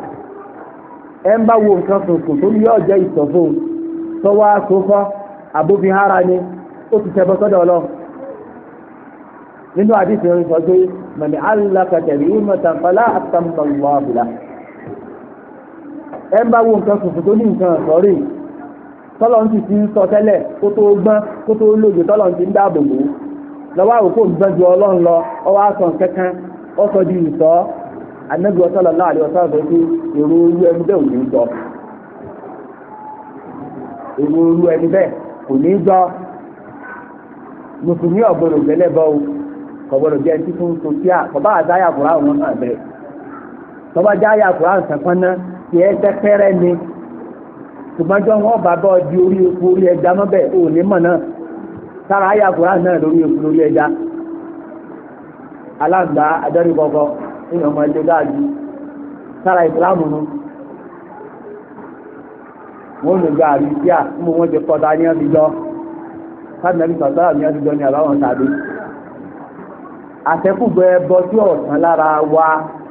ẹ ń bá wo nǹkan tuntun tó yọ jẹ́ ìtọ̀fún tọ́wọ́ àkókò àbófin ni ó ti tẹ̀bọ́ sọ́dọ̀ ọlọ́run nínú àdìsí orin sọ pé mẹ̀lẹ̀ alùpàpàtẹ̀ ní mẹ́ta ìtàkọ̀dé aṣáláàtì e ń bá wo nǹkan funfun tó ní nǹkan ọ̀sọ́rì tọ́lọ́n ti ti sọ tẹ́lẹ̀ kó tó gbọ́n kó tó lóye ti ń dáàbò bò lọ́wọ́ àwòkó gbọ́n ju ọlọ́run lọ ọwọ́ kankan ó sọ di ìsọ́ anábì àgbẹ̀ èrò orú ẹni bẹ́ẹ̀ ò ní e tẹ́pẹ́rẹ́ ni tòmájọ́ wọn bá bọ́ di orí epo orí ẹja mọ́bẹ̀ ò mọ̀ náà sára ayé náà lórí epo lórí ẹja alágbá adẹ́rìbọ̀bọ̀ nínú ọmọ ẹgbẹ́ gáàdì sára ìsìlámù nù wọn bíà mú wọn ti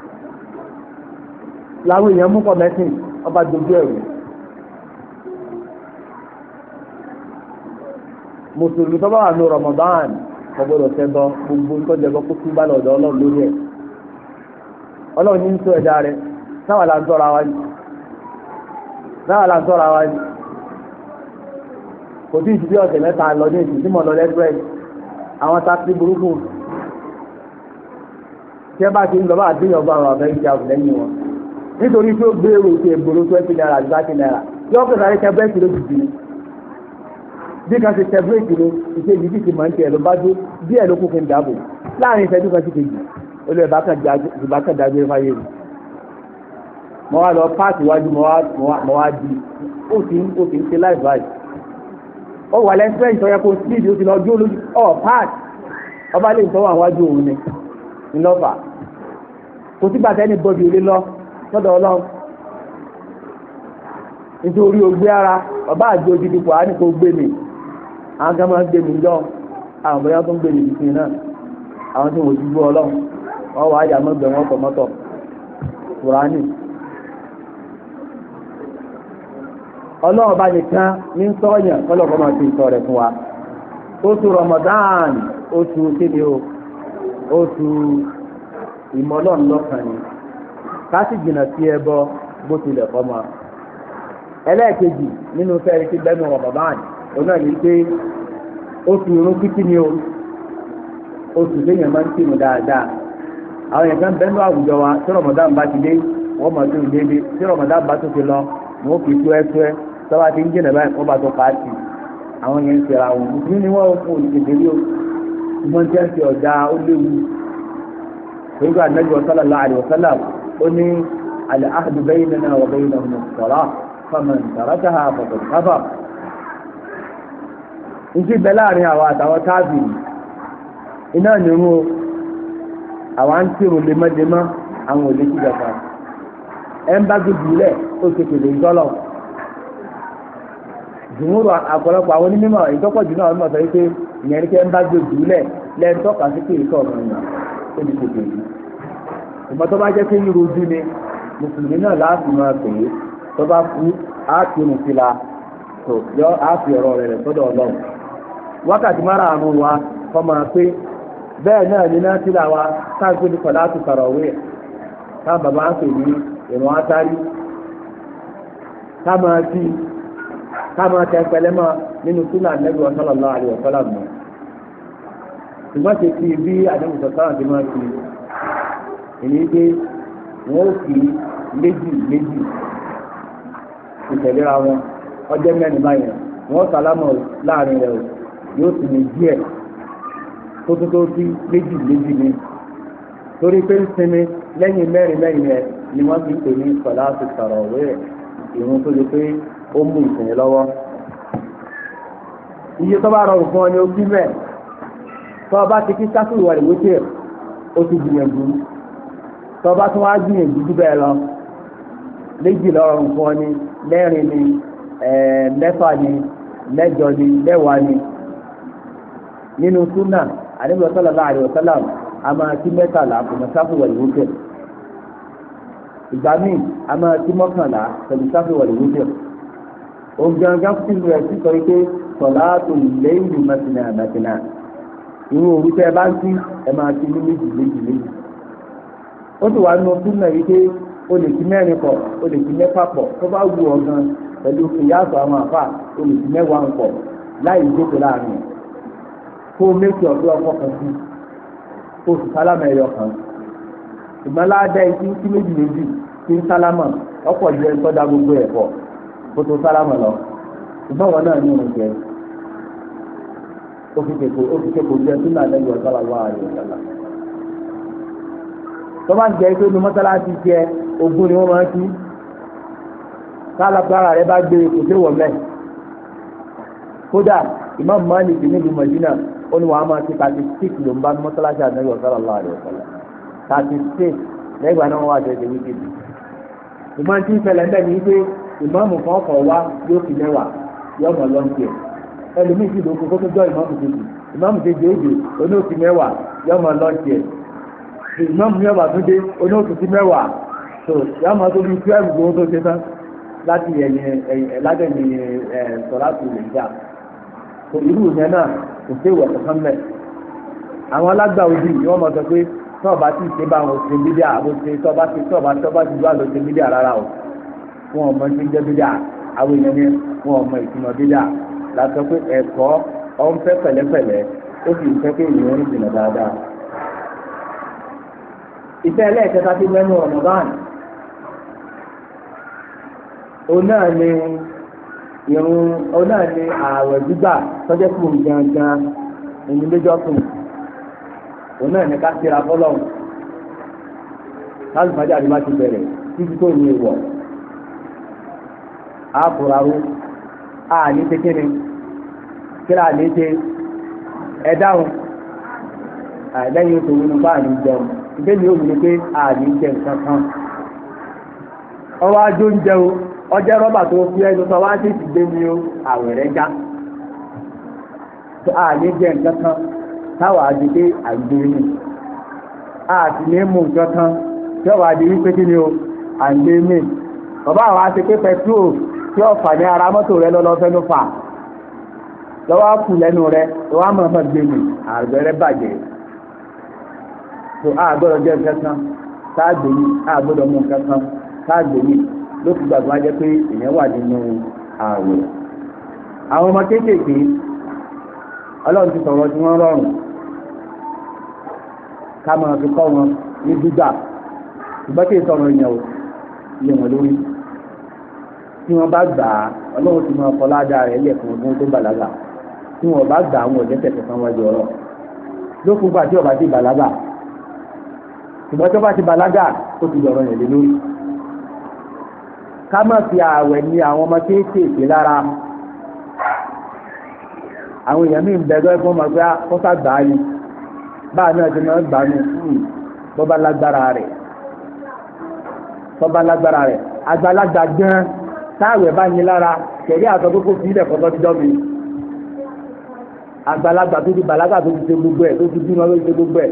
làwọn èèyàn mú kọ́ mẹ́sìn ọba dojú ẹ̀rù mùsùlùmí tó bá wà ní Ramadan kò gbọdọ̀ sẹ́bọ gbogbo tó jẹ́ bọ́ kó tún bá lọ́dọ̀ ọlọ́run lórí ẹ̀ ọlọ́run ní ń tó ẹ̀dá rẹ̀ sáwà là ń tọ́ra wa ni sáwà là ń tọ́ra wa ni kò tí ì ti bí ọ̀sẹ̀ mẹ́ta lọ ní ìsìn tí mo lọ lẹ́gbẹ̀ẹ́ àwọn tákì burúkú tí ẹ bá ti ń lọ bá àdéhùn ọba àwọn àbẹ́yìn ti àwùlẹ́yìn wọn nítorí pé ó gbèrò ti ègbòrò twenty naira àti thirty naira yóò kẹta rẹ tẹbẹ kìló jìjì ni bí kan ti tẹbẹ kìló ìkejì ti ti mọ̀ ní tiẹ̀ ló bá dé bí ẹ̀ ló kún kí n dáàbò láàrin ìṣẹ́jú kan sí kejì olú ẹ̀ bá kàn dájú ẹ̀ fáyé rẹ̀ mo wá lọ páàkì iwájú mo wá di ó ti ń ó ti ń ṣe láì báyìí ó wà lẹ́sìpẹ́ǹsì tó yẹ kó síìdì ó ti lọ dúró lójú ọ̀ páàkì ọba lè tọ́wọ́ àwájú òun ni ńlọ́fà kò sígbà tẹ́ni bọ́ọ̀dì òlé lọ́ọ́ sọ́dọ̀ ọlọ́run nítorí ogbé ara bàbá àjọ òdìdí pọ̀ á gbé mi àwọn kan máa ń gbé mi lọ àwọn bóyá tó ń gbé mi bìtì náà àwọn tí wọn ò ti ọlọ́run wọn wà á yà wọn ní Ramadan oṣù kíni o oṣù ni. ká sì jìnnà sí ẹbọ bó tilẹ̀ kọ́ ma. ẹlẹ́ẹ̀kejì nínú fẹ́ẹ́rì tí bẹ́ẹ̀ mọ̀ wọ̀ bàbá àná pé oṣù irun ni o oṣù léèyàn máa ń kírun dáadáa àwọn èèyàn kan bẹ́ẹ̀ àwùjọ wa tí rọ̀mọ̀dá bá ti dé wọ́n mọ̀ tó déédéé tí rọ̀mọ̀dá bá tó ti lọ wọ́n fi tó tó ẹ́ sọ́wọ́ ti ń jìnnà báyìí bá tó àwọn yẹn ó ní al-ahdu baynana wa baynahum as-salah faman tarakaha faqad kafar. ìṣí bẹ láàrin àwọn àtàwọn táàbì iná nínú àwọn ń tìrùn lemọ́lemọ́ àwọn ò lè kí dọ̀fà ẹ̀ ń bá gbèbí lẹ̀ ó ṣe kèlè ìmọ̀ tó bá jẹ́ pé yíro ojú ni mùsùlùmí náà láti máa pè é tó bá kú á fi irun sí la tó yọ á fi ọ̀rọ̀ rẹ̀ rẹ̀ sọ́dọ̀ ọlọ́run wákàtí mara àrùn wa kọ́ máa pé bẹ́ẹ̀ náà ní náà sílà wa káàkiri ní kọ̀lá àti kàrọ̀wé ká bàbá ń pè ní ìrun átárí ká máa ti ká máa nínú sílà nẹ́bí sallallahu alaihi wasallam mọ́ ṣùgbọ́n ṣe ti bí àdéhùn sọ̀tàn ti máa ti èyí pé wọ́n ó fi méjì méjì ìtẹ̀léra wọn ọjọ́ mẹ́rin báyìí wọ́n sàlámọ̀ láàrin rẹ̀ o yóò sì ní díẹ̀ tó tó tó sí méjì méjì ni torí pé ń sinmi lẹ́yìn mẹ́rin mẹ́rin yẹn ni wọ́n fi pè ní sọ̀lá àti sọ̀rọ̀ òwe rẹ̀ ìrun tó lè pé ó mú ìsinmi lọ́wọ́ iye tó bá rọrùn fún ọ ni ó bí bẹ́ẹ̀ tó o bá ti kí sáfù ìwà ìwé tiẹ̀ ó ti gbìyànjú tọba tí wọ́n á gbìyànjú jù bẹ́ẹ̀ lọ méjì lọ́rùn fún ọ ní mẹ́rin ni mẹ́fà ni mẹ́jọ ni mẹ́wàá ni nínú súnà àdébọ̀ sọ́lá láàrin ọ̀sálà a máa ti mẹ́tàlá pẹ̀lú sáfùwẹ̀ ìwúkẹ́ ìgbà míì a máa ti mọ́kànlá pẹ̀lú sáfùwẹ̀ ìwúkẹ́ ògàngán fún ìlú ẹ̀sìn sọ wípé sọ̀lá tó lẹ́yìn mẹ́tìnà mẹ́tìnà irú òwúkẹ́ bá ń tí ẹ máa ti ní méjì méjì méjì. ó sì wà nínú súnà yìí pé o lè ti mẹ́rin pọ̀ o lè ti mẹ́fà pọ̀ tó bá wù ọ gan pẹ̀lú kìyàtọ̀ àwọn àfà o lè ti mẹ́wàá pọ̀ láì jókòó láàrin kó o méjì ọ̀dọ́ ọkọ kan sí kó o sì sálámà ẹ̀yọ kan ṣùgbọ́n láàdá ikú tí méjì méjì ti ń sálámà ọ̀pọ̀ jẹ́ ń tọ́jà gbogbo ẹ̀ pọ̀ kó tó sálámà lọ wọn náà ní òun jẹ ó fi kéko ó fi kéko jẹ sínú àlẹ́ tó bá ń jẹ́ pé ní mọ́sálásí jẹ ogún ni wọ́n máa ń kí kálágbára rẹ bá gbé kò sí wọ̀mẹ́ kódà Imam Malik nílùú Madina ó ní wàá máa ti thirty six ló ń bá mọ́sálásí ànábì sallallahu alaihi wasallam thirty six lẹ́gbàá náà wà jẹ́ ìdèwí kejì ìmọ̀ tí ìfẹ̀lẹ̀ bẹ́ẹ̀ ni pé ìmáàmù kan kọ̀ wá yóò fi mẹ́wàá yóò mọ̀ lọ́nkẹ́ ẹlòmíì sì lóko kókó jọ ìmáàmù kejì ìmáàmù kejì èdè oní òfin mẹ́wàá yóò mọ̀ lọ́nkẹ́ ìmọ̀mù ní ọ̀bà tún dé oní oṣù tí mẹ́wàá tó yàrá máa tó bí tí ẹ̀rù gbowó tó ṣe tán láti ẹ̀yìn lágbẹ̀yìn sọ̀rọ̀ àti ilẹ̀ ìjà tó irú ìyẹn náà kò sí ìwẹ̀ kankan mẹ́ àwọn alágbà òbí ni wọ́n máa sọ pé tí ọba tí ìṣe bá wọn ṣe mídíà àwọn ṣe tí ọba ti tí ọba tí ọba ti dúró àlọ́ ṣe mídíà rárá o wọn ò mọ ṣe ń jẹ́ mídíà àwọn èèyàn ni wọn ò mọ ìtumọ̀ mídíà la sọ pé ẹ̀kọ́ ọ̀ ń fẹ́ pẹ̀lẹ́pẹ̀lẹ́ ó sì ń fẹ́ pé ìyẹn ń jìnà dáadáa ìfẹ́ ẹlẹ́ẹ̀kẹta ti mẹ́nu ọ̀nà báyìí òun náà ni irun òun náà ni ààwẹ̀ gbígbà tọ́jọ́ kù gangan ẹni méjọ́ kù òun náà ni ká síra fọlọ́hùn lálùfájà ni bá ti bẹ̀rẹ̀ títí tó ní ìwọ̀ àbùràwọ̀ àní kékeré kí láà ní àìlẹ́yìn tó wúlú báà ní ìgbé mi ò wù ní pé ààrẹ jẹ nǹkan kan ọwọ́ ajó ń jẹun ọjọ́ rọ́bà tó fi ẹnu sọ wáá tètè gbé mi ó àwẹ̀ rẹ já ààrẹ jẹ nǹkan kan táwọn àti pé àgbè mi àti ní mú nǹkan kan tí ọwọ́ adé wípé kí ni o àgbè mi bàbá àwọn àti pé pẹtrú tí ọ̀fà ní ara mọ́tò rẹ lọ́lọ́ fẹ́ ló fà lọ́wọ́ kù lẹ́nu rẹ lọ́wọ́ mọ̀ọ́mọ̀ gbé mi àgbẹ̀ bàjẹ́ tó àgbọ̀dọ̀ jẹ́ nǹkan kan káàgbé yìí àgbọ̀dọ̀ mú nǹkan kan káàgbé yìí ló fi gbàgbọ́ ajẹ́ pé èèyàn wà nínú ààwẹ̀. àwọn ọmọ kéékèèké ọlọ́run ti sọ̀rọ̀ tí wọ́n rọrùn ká máa fi kọ́ wọn ní gbígbà ṣùgbọ́n kí ìsọ̀rọ̀ èèyàn ò yẹ wọ́n lórí tí wọ́n bá gbà á ọlọ́run ti máa kọ́ ládàá rẹ̀ lẹ̀ ọdún tó bàlágà tí wọ́n bá gbà á wọn ò lẹ́sẹ̀ kẹsàn-án wájú ọlọ́run lókun gbà tí ọ̀bá ti bàlágà ṣùgbọ́n tó bá ti bàlágà ó ti lọ̀rọ̀ yẹn lé lórí. ká má fi ààwẹ̀ ní àwọn ọmọ kéékèèké lára àwọn èèyàn míì ń bẹ̀rẹ̀ lọ́wọ́ fún ọmọ pé ah, ó sàgbà á ni báà náà ti máa ń gbà mí hmm, bọ́ bá lágbára rẹ̀ bọ́ bá lágbára rẹ̀ àgbàlagbà gan táàwẹ̀ bá yin lára kẹ̀rí àtọ́ tó kó sílẹ̀ fọ́tọ́ ti dọ́mi àgbàlagbà tó ti bàlágà tó ti ṣe gbogbo ẹ̀ tó ti bímọ tó ṣe gbogbo ẹ̀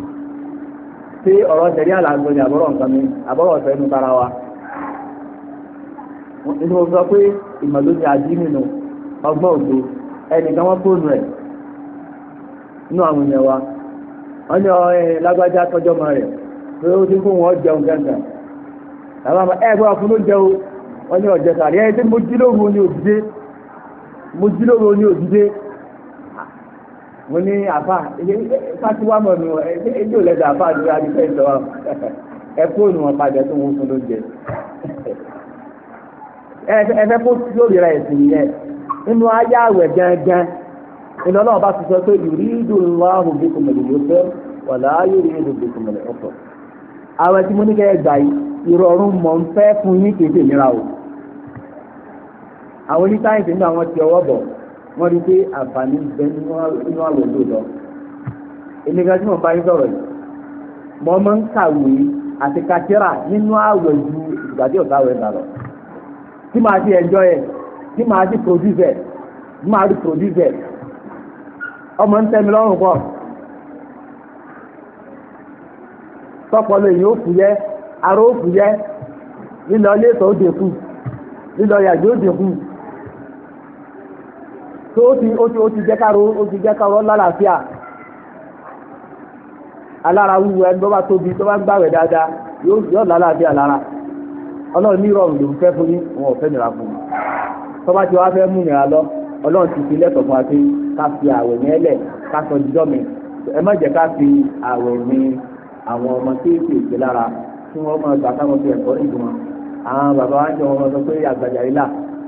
tí ọ̀rọ̀ ṣẹ̀rí àlàgbò ní àbọ̀rọ̀ nǹkan mi àbọ̀rọ̀ ọ̀fẹ́ tara wa. nínú mo pé ìmọ̀ló àjí nínú ọgbọ́n òdo ẹnìkan wọ́n fóònù ẹ̀ nínú àwọn èèyàn wa wọ́n ní lágbájá tọ́jọ́ mọ́ rẹ̀ pé ó ti fún wọn jẹun mo ní àfà fatiwa mọ̀ mi wọ́n ẹjọ́ lẹ́dọ̀ àfà àdúrà ní fẹ́ sọ ẹ fóònù wọn padà tó wọn fún lóúnjẹ ẹ fẹ́ kó lórí rẹ̀ ẹ̀sìn yẹn nínú ayé àwẹ̀ gángan inú ọlọ́run bá ti sọ pé yuridu Allahu bikum al-yusra wa la yuridu bikum al-usra àwẹ̀ tí mo ní kẹ́ ẹ gbà yìí ìrọ̀rùn mọ̀ ń fẹ́ fún yín kéde ìnira o àwọn oníṣáyẹ̀nsì nínú àwọn ti ọwọ́ bọ̀ wọ́n rí pé àǹfààní ń bẹ nínú àwẹ̀ tó lọ. èmi gan tí mo bá yín sọ̀rọ̀ yìí mo máa ń kàwé àti kàtírà nínú àwẹ̀ ju ìgbà tí ọ̀sán àwẹ̀ gbà lọ. tí màá ti ẹ̀jọ́ ẹ̀ tí màá ti produce ẹ̀ tí màá ti produce ẹ̀ ọmọ ń tẹ́mi lọ́rùn pọ̀. tọpọlọ èyí ó fúyẹ́ ara ó fúyẹ́ lílọ ilé ìtọ́ ó dẹkù lílọ yàgbé ó dẹkù. tó ó ti ó ti ó ti jẹ́ káró ó ti jẹ́ káró lálàáfíà alára wúwo ẹni tó bá tóbi tó bá ń gbàwẹ̀ dáadáa yóò yóò lálàáfíà lára ọlọ́run ní ló ń fẹ́ fún yín wọn ò nira fún un tó bá ti wá mú nira lọ fi lẹ́tọ̀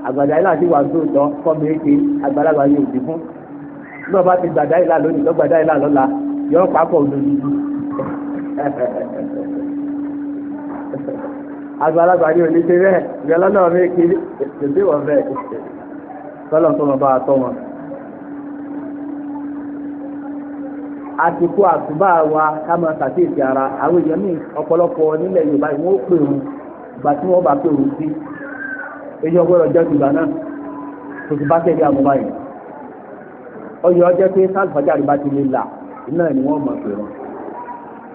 àgbàdá ilà ti wà sóòtọ́ fọ́mi èké àgbàlagbà yóò ti fún bí wọ́n bá ti gbàdá ilà lónìí lọ́gbàdá ilà lọ́la yọ pápọ̀ lójú àgbàlagbà yóò ní ṣe bẹ́ẹ̀ ìgbàlá náà mi kì í ṣèṣe wọ̀ bẹ́ẹ̀ tọ́lọ̀ tó wọn bá a tọ́ wọn. àsìkò àtúbà wa ká máa ṣàkíyèsí ara àwọn èèyàn ní ọ̀pọ̀lọpọ̀ nílẹ̀ Yorùbá ìwọ́n ó pè wọn ìgbà tí wọ́n bá pè wọn sí èyí ọgbọ́dọ̀ jẹ́ ìgbà náà kò sì bá tẹ̀lé àmúbá yìí ọyọ ọjọ́ pé sálfàjà rí bá ti lè là náà ni wọ́n mọ̀ pé wọn.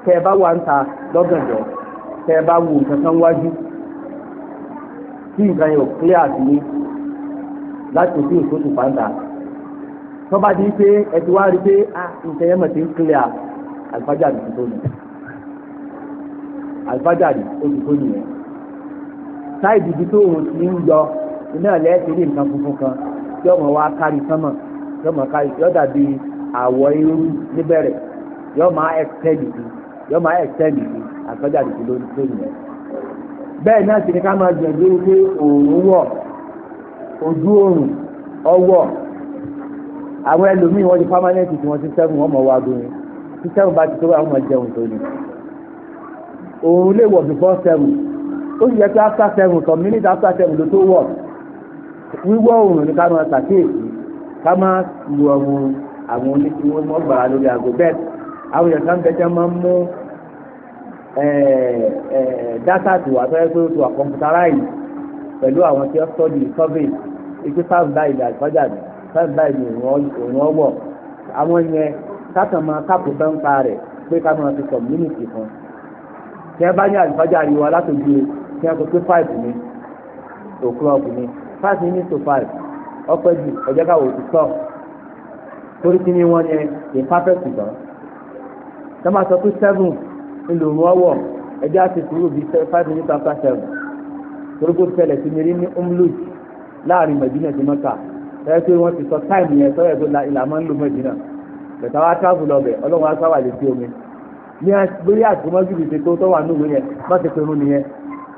tẹ ẹ bá wà ń ta lọ́gànjọ́ tẹ ẹ bá wù nǹkan kan wájú tí nǹkan yóò clear sí ní láti òfin òṣòṣù fàǹtà tó bá di pé ẹ ti wá rí pé ah, nǹkan yẹn mọ̀ ti ń clear àlùfájà rí ti tó nù àlùfájà rí ó tó nìyẹn sáìdì ibi tó òun ti ń yọ iná lẹ́ẹ̀tì ní nǹkan funfun kan tí ọmọ wa kárí sánmọ̀ tí ọmọ kárí yọ dàbí àwọ̀ irú níbẹ̀rẹ̀ yọ máa ẹ̀kẹ́lì sí yọ máa ẹ̀kẹ́lì sí àtọ́jà àdìsí lórí tó yẹn. bẹ́ẹ̀ náà sì ni ká máa gbìyànjú wípé òòrùn wọ̀ ojú òòrùn ọwọ́ àwọn ẹlòmíì wọ́n di pámánẹ́ǹtì tí wọ́n ti sẹ́gun wọ́n mọ̀ wá gbóyin tí sẹ́gun bá ti tó wà wọ́n mọ̀ jẹun tó ní. òòrùn lè wọ̀ before seven ó yẹ kí after seven some minutes after seven ló tó wọ̀ wíwọ̀ oòrùn ni ká máa ṣàkíyèsí ká máa lu ọmọ àwọn oníṣòwò mọ́ gbàrà lórí aago bẹ́ẹ̀ àwọn èèyàn kan bẹ́ẹ̀ máa ń mú eh, eh, Data tó wà fẹ́ẹ́ pé ó ti wà kọ̀m̀pútàráìsì pẹ̀lú àwọn tí ó sọ́ọ̀dì survey ikú sáàbù báyìí ní àlùfájà mi sáàbù báyìí ní òun ọwọ́ àwọn yẹn kákan máa kápò tó ń pa rẹ̀ pé ká máa fi community kan tí ẹ bá ní àlùfájà rí wa látòjú kí wọ́n sọ pé five ni to club ni five minutes to five ọpẹ́ jù ọjọ́ káwọ́ ti sọ torí kí ni wọ́n yẹ perfect gan tó máa sọ pé seven ńlọrọ ọwọ́ ẹjọ́ àti sùúrù bíi five minutes after seven torí kó tẹ̀lẹ̀ sí mi rí ní umlut láàrin Mẹ̀dínà sí Mẹ́kà ẹ pé wọ́n ti sọ táìmù yẹn sọ́yẹ̀ tó la ìlà máa ń lo Mẹ̀dínà bẹ̀tà wá travel lọ́bẹ̀ ọlọ́run á sáwà létí omi ní bóyá àtúmọ́jú bìí ṣe tó tọ́wà ní òwe yẹn má ṣe pẹ̀rún nìyẹn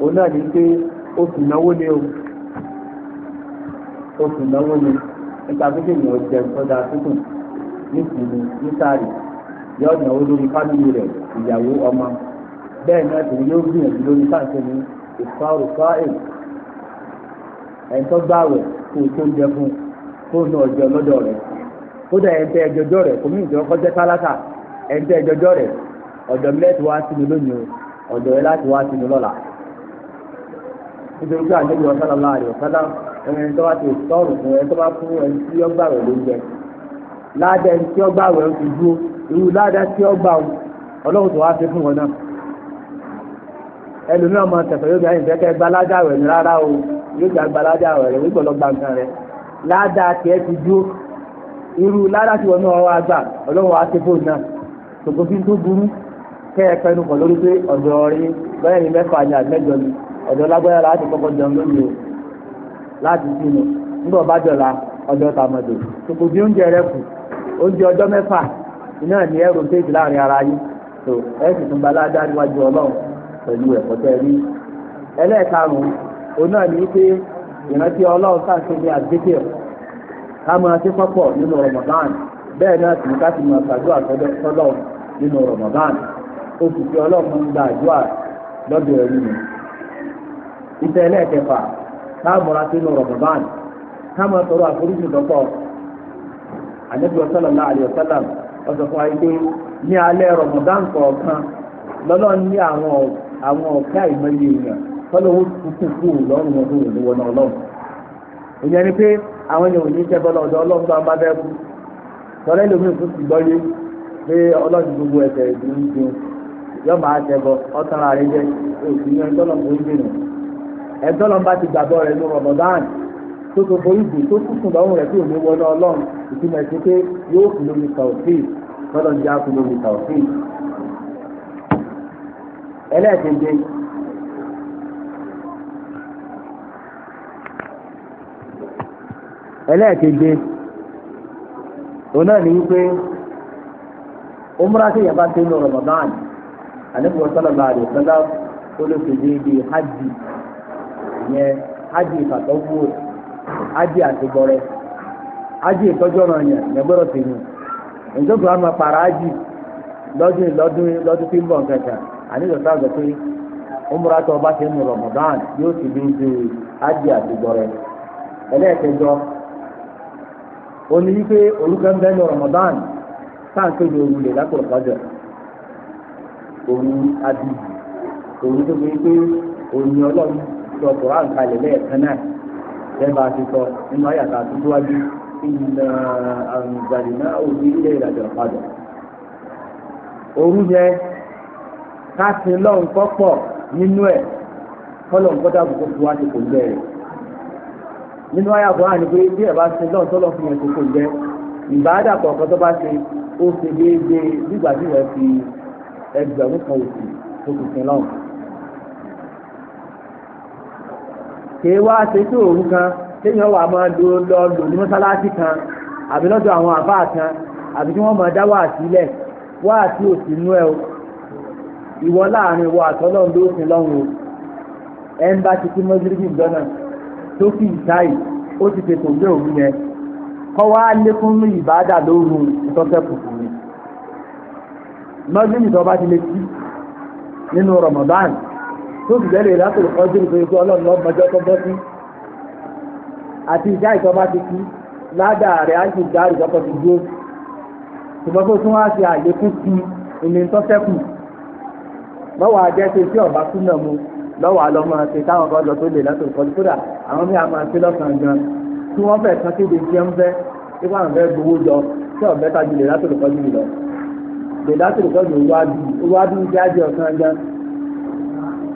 òun náà ní pé oṣù náwó ni o oṣù náwó ni nípa pé kéèyàn jẹ sọdá tuntun nísìnyí nítàrí yóò náwó lórí fámìlì rẹ̀ ìyàwó ọmọ bẹ́ẹ̀ náà tòun yóò gbìyànjú lórí ní fáìl gbààwẹ̀ kó o tó jẹ fún kò ní ìjọ kọjá rẹ ọ̀dọ̀ mi o ọ̀dọ̀ nítorí pé àlejò ọ̀sán lọ́la rẹ̀ ọ̀sánlá ẹni tó bá ti sọ̀rù fún ẹni tó bá fún ẹni tí ó gbàwẹ̀ lóúnjẹ ládàá ẹni tí ó gbàwẹ̀ ó ti dúró irú ládàá tí ó gbà ọlọ́run tó wá fi fún wọn náà ẹlòmíràn máa tẹ̀sán yóò gbàyìn fẹ́kẹ́ gbalájà rẹ̀ ní rárá o yóò gbà gbalájà rẹ̀ nígbà ọlọ́gbà nǹkan rẹ̀ ládàá tiẹ̀ ti dúró irú ládàá tí wọn náà wá gbà ọlọ́run wá ti fóònù náà tòkòfin tó burú kẹ́ ẹ pẹnu kọ̀ lórí pé ọ̀dọ̀ ọ̀rin bẹ́ẹ̀ ni mẹ́fà ni àgbẹ́jọ ni ọ̀dọ̀ lágbára láti kọ́kọ́ jẹun lónìí o láti sínú nígbà bá dọ̀la ọ̀dọ̀ tàmọ̀dò kòkò bí oúnjẹ rẹ kù oúnjẹ ọjọ́ mẹ́fà iná ní ẹ̀rọ téèkì láàrin ara yín tó ẹ̀ sì tún níwájú ọlọ́run pẹ̀lú ẹ̀kọ́ rí ẹlẹ́ẹ̀karùn-ún òun náà ní pé ìrántí ọlọ́run ní ká máa ṣe pọ́pọ̀ nínú Ramadan bẹ́ẹ̀ náà sì ní ìfẹ́ ẹlẹ́ẹ̀kẹfà káàmùra sínú Ramadan káàmùra tọrọ àforíjì lọ́pọ̀ ànábì sallallahu alaihi wasallam ọ̀sọ̀ fún ayé ní alẹ́ Ramadan kọ̀ọ̀kan lọ́lọ́ ní àwọn àwọn ọ̀kẹ́ àìmọye èèyàn tọ́lọ́ owó tuntun kù lọ́rùn wọn tó wọlé wọn ìyẹn ni pé àwọn ní bọ́lá ọlọ́run bá ń bá kú tọ́lẹ́ lómi ti gbọ́ yé pé ọlọ́run gbogbo ẹ̀sẹ̀ ìdúró ń ẹ̀ńtọ́lọ́n bá ti gbàgbọ́ rẹ̀ ní Ramadan tó tó borí bù tó kùsùn lọ́rùn rẹ̀ tí ò ní wọná ọlọ́run ìtumọ̀ ẹ̀sìn pé yóò kú lórí tàwọ́fì tọ́lọ́ ń já kú lórí tàwọ́fì. ẹlẹ́ẹ̀kejì ẹlẹ́ẹ̀kejì òun náà ní wípé umra tí yẹn bá ti ń lọ Ramadan àníkùn sọlọ́ọ̀lá àdìsọ́lá ó lè fi dé ibi hajj ìyẹn ájì ìfàtọ́wò ájì àtibọ́rẹ́ ájì ìtọ́jú ọ̀ràn yẹn yẹn gbọ́dọ̀ tèmi ìjọba àmọ́ para ájì lọ́dún lọ́dún lọ́dún tí ń bọ̀ nǹkan àníjọ sáà sọ pé umra tó bá ṣe ń Ramadan yóò ti ju ájì ẹlẹ́ẹ̀kẹjọ ní Ramadan òru sọ Kùránì kalẹ̀ lẹ́ẹ̀kan náà lẹ́ẹ̀bà ti sọ nínú àyàtà tó wájú ìlà àrùnzàlì náà ò ní ilé ìrìnàjò padà. Òru yẹ ká ti lọ́run pọ́pọ̀ nínú ẹ̀ kọ́lọ̀ ń kọ́dà kókó fún wa ti kò bẹ̀rẹ̀. Nínú àyàtọ̀ wà ní pé bí ẹ̀ bá ti lọ́run tọ́lọ̀ fún yẹn kókó jẹ́ ìbáradà kọ̀ọ̀kan tó bá ṣe ó ṣe déédéé nígbà tí wọ́n fi ẹgbẹ̀rún kan òsì tó kù sí lọ́run. kèé wá ṣe tó òru kan kéèyàn wà máa lo lọ lò ní mọ́sálásí kan àbí lọ́dọ̀ àwọn àbá kan àbí kí wọ́n máa dá wà sílẹ̀ wá sí òsì inú ẹ o ìwọ láàrin ìwọ àtọ́lọ́run ló sin lọ́run o ẹ ń bá ti kí mọ́sílíkì gbọ́nà tó fi ìsáyì ó ti fètò gbé òru yẹn kọ́ wá lékún ní ìbádà lóru ìtọ́fẹ́ kùkù ni mọ́sílíkì tó bá ti lè kí nínú Ramadan tó sì jẹ́lẹ̀ láti lè kọjú nítorí pé ọlọ́run lọ́ọ́ mọjọ́ tó bọ́ sí àti ìjà ìtọ́ bá ti kú ládàá rẹ̀ á sì dá ìjọpọ̀ ti dúró ṣùgbọ́n tó tún wá ṣe àlékún sí ìní tó sẹ́kù lọ́wọ́ ajẹ́ ṣe tí ọ̀bá kú náà mu lọ́wọ́ àlọ́ máa ṣe táwọn kan lọ tó lè láti lè kọjú kódà àwọn mí máa ṣe lọ́sàn-án gan tí wọ́n fẹ̀ kan kéde jẹ́ ń fẹ́ tí wọ́n fẹ́ gbowó jọ tí ọ̀bẹ́ tajú lè láti lè kọjú lọ lè láti lè kọjú owó adú owó adú ọ̀sán gan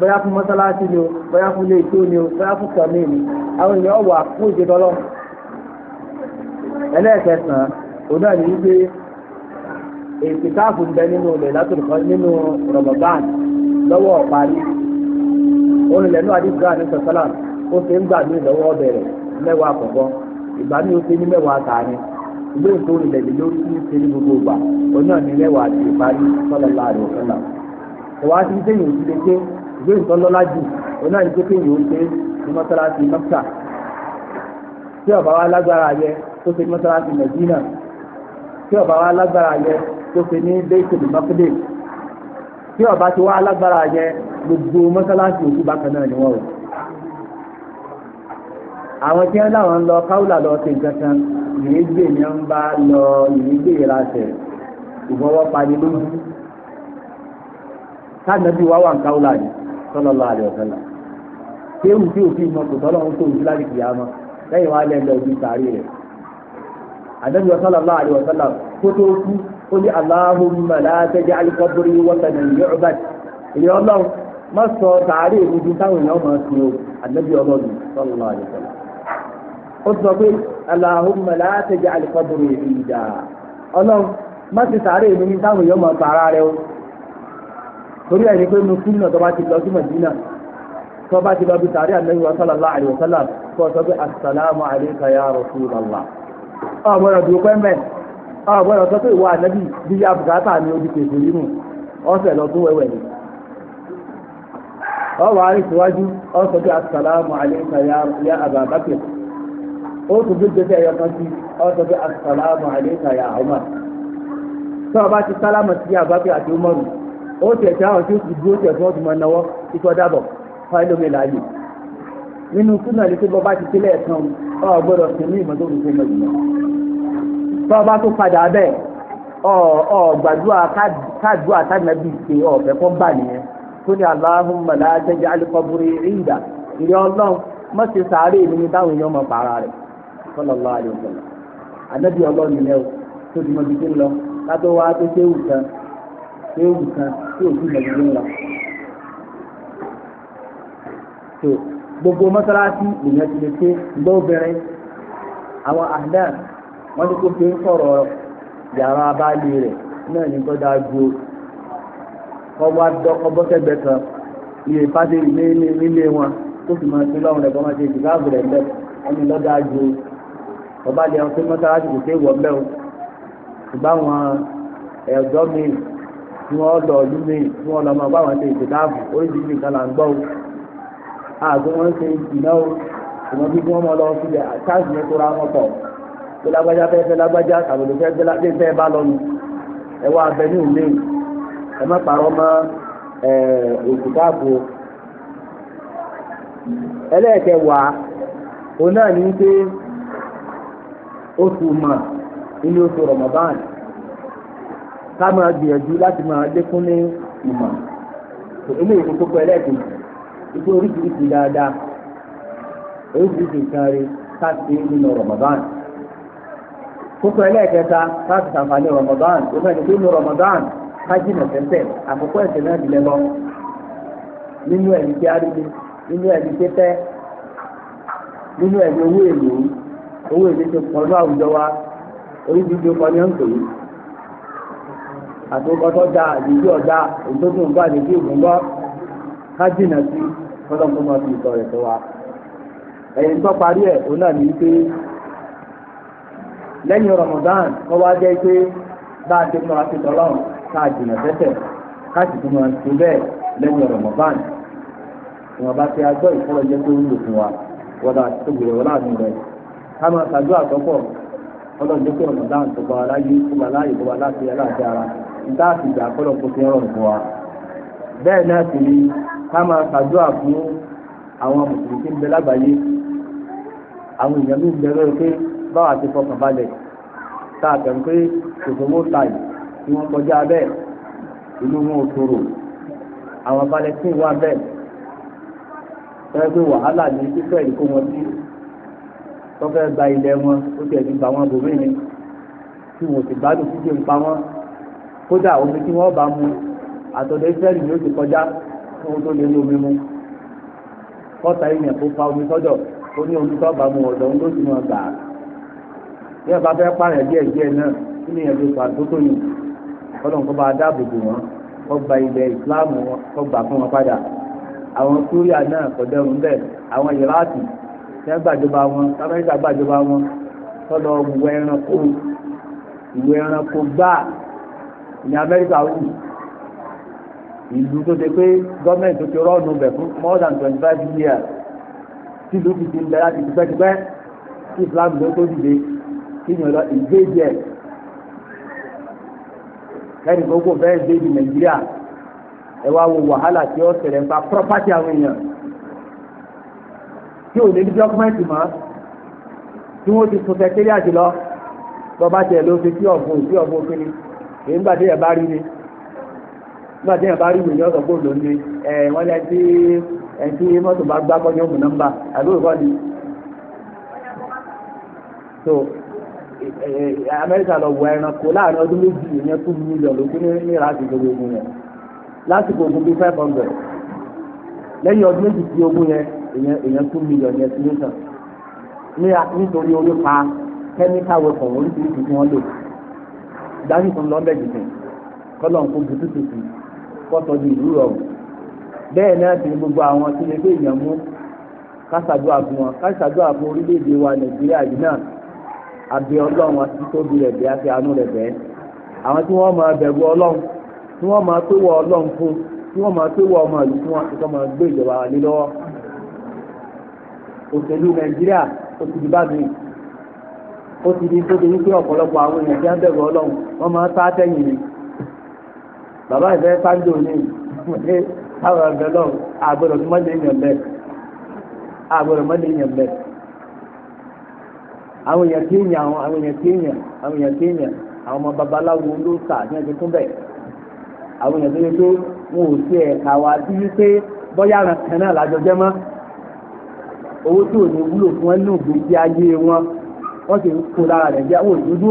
bóyá fún mọ́sálásí ni o bóyá fún ilé ni o bóyá fún kàmí ni àwọn èèyàn wà fún ìdè ẹlẹ́ẹ̀kẹsàn-án òun náà ní wípé èsì káàfù ń bẹ nínú ilẹ̀ látòlùkọ́ nínú lọ́wọ́ ní sọ̀tọ́là ó ṣe ń gbà ní ìlọ́wọ́ mẹ́wàá àkọ́kọ́ ìgbà ní o ṣe ní mẹ́wàá tààrin ìgbé ìtò ilẹ̀ lè lórí ṣe ní gbogbo ìgbà òun náà ní mẹ́wàá àti ìparí sọ́lọ́lá rẹ̀ òkèlà ìwà ìwé ìtọ́lọ́lá jù òun náà ní pé kéèyàn ó ṣe ní mọ́sálásí mọ́sà tí ọ̀bá wa lágbára yẹ kó ṣe ní mọ́sálásí Mẹdínà tí ọ̀bá wa lágbára yẹ kó ṣe ní Baitul Maqdis tí ọ̀bá ti wá lágbára yẹ gbogbo mọ́sálásí òkú bákan náà ni wọ́n wọ̀ àwọn tí wọ́n láwọn ń lọ káwùlà lọ ṣe nǹkan kan ìrégbè ni wọ́n bá lọ náà bí wá wà ń káwùlà yìí sallallahu alaihi wasallam tí èwù tí òfin mọ tòtọ́ lọ́wọ́ tó ojú láti kìí àmọ́ lẹ́yìn wá lẹ́nu ẹ̀dùn sàárì rẹ̀ àdébíyọ sallallahu alaihi wasallam kó tó kú ó ní Allahumma la taj'al qabri watanan yu'bad ìyá ọlọ́run má sọ sàárì ìrújú táwọn èèyàn máa sọ àdébíyọ ọlọ́run sallallahu alaihi wasallam ó sọ pé Allahumma la taj'al qabri ìdá ọlọ́run má ti sàárì ìrújú táwọn èèyàn máa sọ ara rẹ̀ o. torí ẹni pé mo kú náà tó ti lọ sí Madina tó ti lọ bí sàárẹ̀ ànábì wa sallallahu alaihi wa sallam kó sọ pé asalaamu alayka ya rasulallah ọ̀gbọ́dọ̀ dùn pẹ́ mẹ́ sọ pé ìwà ànábì bí ni o ti pèsè nínú ọ̀sẹ̀ lọ wẹ̀wẹ̀ ni ọ ya ọ sọ pé asalaamu ya o bá ti sí ó tẹ̀sí àwọn tí ó ti dúró tẹ̀sí wọn ti mọ náwó ikọ̀ dábọ̀ fáìlómi láàyè nínú súnà ní ti ọ gbọ́dọ̀ sí ní ìmọ̀ tó ń gbọ́dọ̀ jùlọ bọ́bá tó padà bẹ́ẹ̀ ọ ọ gbàdúrà káàdúrà tánàbí ṣe ọ̀fẹ́ kọ́ bà nìyẹn tó ní Allahumma la taj'al qabri 'inda ìrẹ́ ọlọ́run má ṣe sàárè mi ní táwọn èèyàn mọ̀ pàrà rẹ̀ sallallahu alaihi ọlọ́run o tó ti ewu kan tí òkú ìgbàgbọ́ ń lọ. tó gbogbo mọ́sálásí èèyàn ti lè ṣe gbọ́ obìnrin àwọn àdán wọ́n ti kó fi ń sọ̀rọ̀ yàrá abáàlì rẹ̀ náà ní tó dáa ju ọwọ́ ọbọ̀sẹ̀gbẹ̀ kan ilé ìfádé nílé wọn tó sì máa ṣe lọ́rùn rẹ̀ kọ́ máa ṣe ìdìbò rẹ̀ lẹ̀ ẹni lọ́ dáa ju ọba lè ọtí mọ́sálásí kò sí ìwọ̀ mẹ́wọ̀n ṣùgbọ́n àwọn ẹ̀dọ́ tí wọ́n lọ ọdún mi tí wọ́n lọ máa bá wọn ṣe ìṣèdáàbò oríṣiríṣi nǹkan là ń gbọ́ o àti wọ́n ń ṣe ìdìná o ìmọ̀ bí wọ́n mọ lọ sí ẹ̀ táàsì yẹn tó ra wọn pọ̀ pé lágbájá fẹ́ fẹ́ lágbájá àbẹ̀lẹ̀ fẹ́ fẹ́ lágbájá fẹ́ bá lọ nu ẹ wá abẹ ní òní ẹ má parọ́ mọ́ ẹ òṣìṣàbò ẹlẹ́ẹ̀kẹwàá òun náà ní pé oṣù mọ̀ inú oṣù Ramadan ká máa gbìyànjú láti máa lékún ní ìmọ̀ ikú oríṣiríṣi dáadáa oríṣiríṣi nǹkan rí káàkiri nínú kókó ẹlẹ́ẹ̀kẹta káàkiri sàǹfààní fẹ́ẹ́ ní nínú Ramadan kájínà tẹ́tẹ́ àkókò ẹ̀sẹ̀ náà dilẹ̀ lọ nínú ẹ̀mí tí a rí ni nínú ẹ̀mí tẹ́tẹ́ nínú ẹ̀mí owó èlò owó èlò tó pọ̀ ní àwùjọ wa oríṣiríṣi àtòkọ́tọ́ da àdìsí ọ̀dà òtótó nǹkan àdìsí ògùnbọ́ ká jìnà sí kọ́lọ́mù máa fi rẹ̀ tó wa. ẹ̀yìn tó parí ẹ̀ òun náà ní pé lẹ́yìn Ramadan kọ́ wá jẹ́ a ti múra sí tọ́lọ́run ká tẹ́tẹ̀ ká sì tún bẹ́ẹ̀ lẹ́yìn Ramadan ìwọ̀n bá ti agbọ́ ìfọ́lọ́jẹ́ tó wúlò fún wa wọ́dà tó gbèrè wọ́n láàánú rẹ̀ ká máa ṣàdúrà tọ́pọ̀ níta àtìgbà kọ́lọ̀ kó fi rọrùn fún wa bẹ́ẹ̀ náà sì ni ká máa ṣàdúrà fún àwọn mùsùlùmí tí ń bẹ lágbàáyé àwọn èèyàn mi ń bẹ pé báwa ti fọkàn balẹ̀ tá a tẹ̀ ń pé kòtòwó tàì tí wọ́n kọjá bẹ́ẹ̀ ìlú wọn ò tòrò àwọn Palestine wà bẹ́ẹ̀ fẹ́ẹ́ pé wàhálà ní títọ́ ìkó wọn sí tọ́fẹ́ gba ilẹ̀ wọn ó tiẹ̀ ti gba wọn bòmí ni tí wọn ò sì gbádùn títí ń pa wọn kódà omi tí wọ́n bá mu àtọ̀dọ̀ israẹli ni ó ti kọjá fún ohun tó lè mu kọ́ta ìyẹn kó fa omi sọ́dọ̀ ó ní omi tó bá mu ọ̀dọ̀ ń ló sì gbà á bí ẹ bá fẹ́ díẹ̀ díẹ̀ náà kí ni yìí kọ́dọ̀ bá dáàbò bò wọ́n kọ́ gba ilẹ̀ ìsìláàmù wọn kọ́ gbà fún wọn padà àwọn súríà náà àwọn gbàjọba wọn gbàjọba wọn ní Amẹ́ríkà ó yìí ìlú tó ṣe pé gọ́ọ̀mẹ̀ntì tó ti rọ́ọ̀nù bẹ̀ fún more than twenty five years tìlú ti ti ń bẹ láti tipẹ́tipẹ́ tí Islam ló tó dìde kí ni ọ̀dọ́ ìgbéjì ẹ̀ kẹ́ni gbogbo bẹ́ẹ̀ dé di Nàìjíríà ẹ wá wo wàhálà tí ó ṣẹlẹ̀ nípa property àwọn èèyàn tí ò ní ní dọ́kúmẹ́ǹtì mọ́ tí wọ́n ti fún sẹ́kẹ́rì àjùlọ bọ́bá tiẹ̀ ló fi sí ọ̀gbọ́n sí ọ̀gbọ́n kínní èyí gbàdé ẹ̀ bá rí ni gbàdé ẹ̀ bá rí ìwé yọ̀ọ̀sọ̀ gbòòlò ni ẹ̀ wọ́n lẹ́ tí ẹ̀ tí mọ́tò bá gbá kọ́ ní òmù nọ́mbà àbí òkọ́ ni. so amẹ́ríkà lọ wọ ẹranko láàrin ọdún méjì ìyẹn two million ló kún ní lásìkò ogun yẹn lásìkò ogun bíi five hundred lẹ́yìn ọdún méjì tí ogun yẹn èèyàn two million yẹn ti ní sàn nítorí orí pa kẹ́míkà wẹ̀pọ̀ oríṣiríṣi tí wọ́n lò ìdájú tó ń lọ bẹ́ẹ̀ jìnnà kọ́lọ̀ ń kó butu tuntun kọ́tọ̀ di ìlú rọ̀ bẹ́ẹ̀ náà ti gbogbo àwọn tí ẹgbẹ́ èèyàn mú kásàdúrà fún wọn kásàdúrà fún orílẹ̀-èdè wa nàìjíríà yìí náà àbí ọlọ́run àti tóbi rẹ̀ bẹ́ẹ̀ àti àánú rẹ̀ bẹ́ẹ̀ àwọn tí wọ́n máa bẹ̀rù ọlọ́run tí wọ́n máa pé wọ ọlọ́run fún tí wọ́n máa pé wọ ọmọ ìlú fún wọn tí wọ́n máa gbé ìjọba lé lọ́wọ́ òṣèlú nàìjíríà ó ti ó ti di tó wípé ọ̀pọ̀lọpọ̀ àwọn èèyàn tí wọ́n bẹ̀rù ọlọ́run wọ́n máa sá tẹ̀yìn ni bàbá ìfẹ́ sáńdò ní ìpínlẹ̀ táwọn ẹgbẹ́ lọ́wọ́ àgbọ̀dọ̀ tó mọ́lẹ̀ èèyàn bẹ́ẹ̀ àgbọ̀dọ̀ mọ́lẹ̀ èèyàn bẹ́ẹ̀ àwọn èèyàn tí èèyàn àwọn èèyàn tí èèyàn àwọn èèyàn tí èèyàn àwọn ọmọ babaláwo ló sà ní ẹgbẹ́ tó bẹ̀ àwọn èèyàn tó yẹ pé wọn ò sí ẹ̀ka wa sí wípé bọ́yá kan náà lájọ jẹ́ mọ́ owó tí ò ní wúlò fún ẹ ní ògbésí ayé wọn wọ́n sì ń kó lára rẹ̀ bí àwọn òdúdú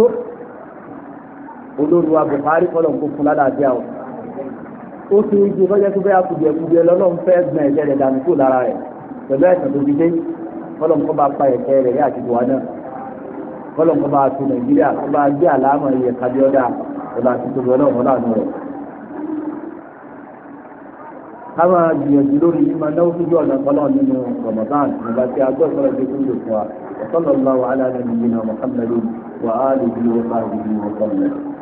olórí wa Buhari kọ́lọ̀ ń kó fún lára bí o ó ti ń ju lọ́jọ́ tó bẹ́yà kùdìẹ̀ kùdìẹ̀ lọ́nà ń fẹ́ gbọ̀n ẹ̀jẹ̀ rẹ̀ dànù kó lára rẹ̀ pẹ̀lú ẹ̀sán tó fi dé kọ́lọ̀ ń kọ́ bá pa ẹ̀kẹ́ rẹ̀ rí àti buwa náà kọ́lọ̀ ń kọ́ bá tu Nàìjíríà kọ́ bá gbé àlámọ̀ iye kábíọ́dà ọ̀là àti tòbí ọlọ́run ọ̀làánú rẹ̀. ká máa gbìyànjú lórí mímọ náà ó fi jọ ọ̀nà a gbọ́ sọ́rọ̀ gbé kúndùn fún wa. وصلى الله على نبينا محمد وآله وصحبه وسلم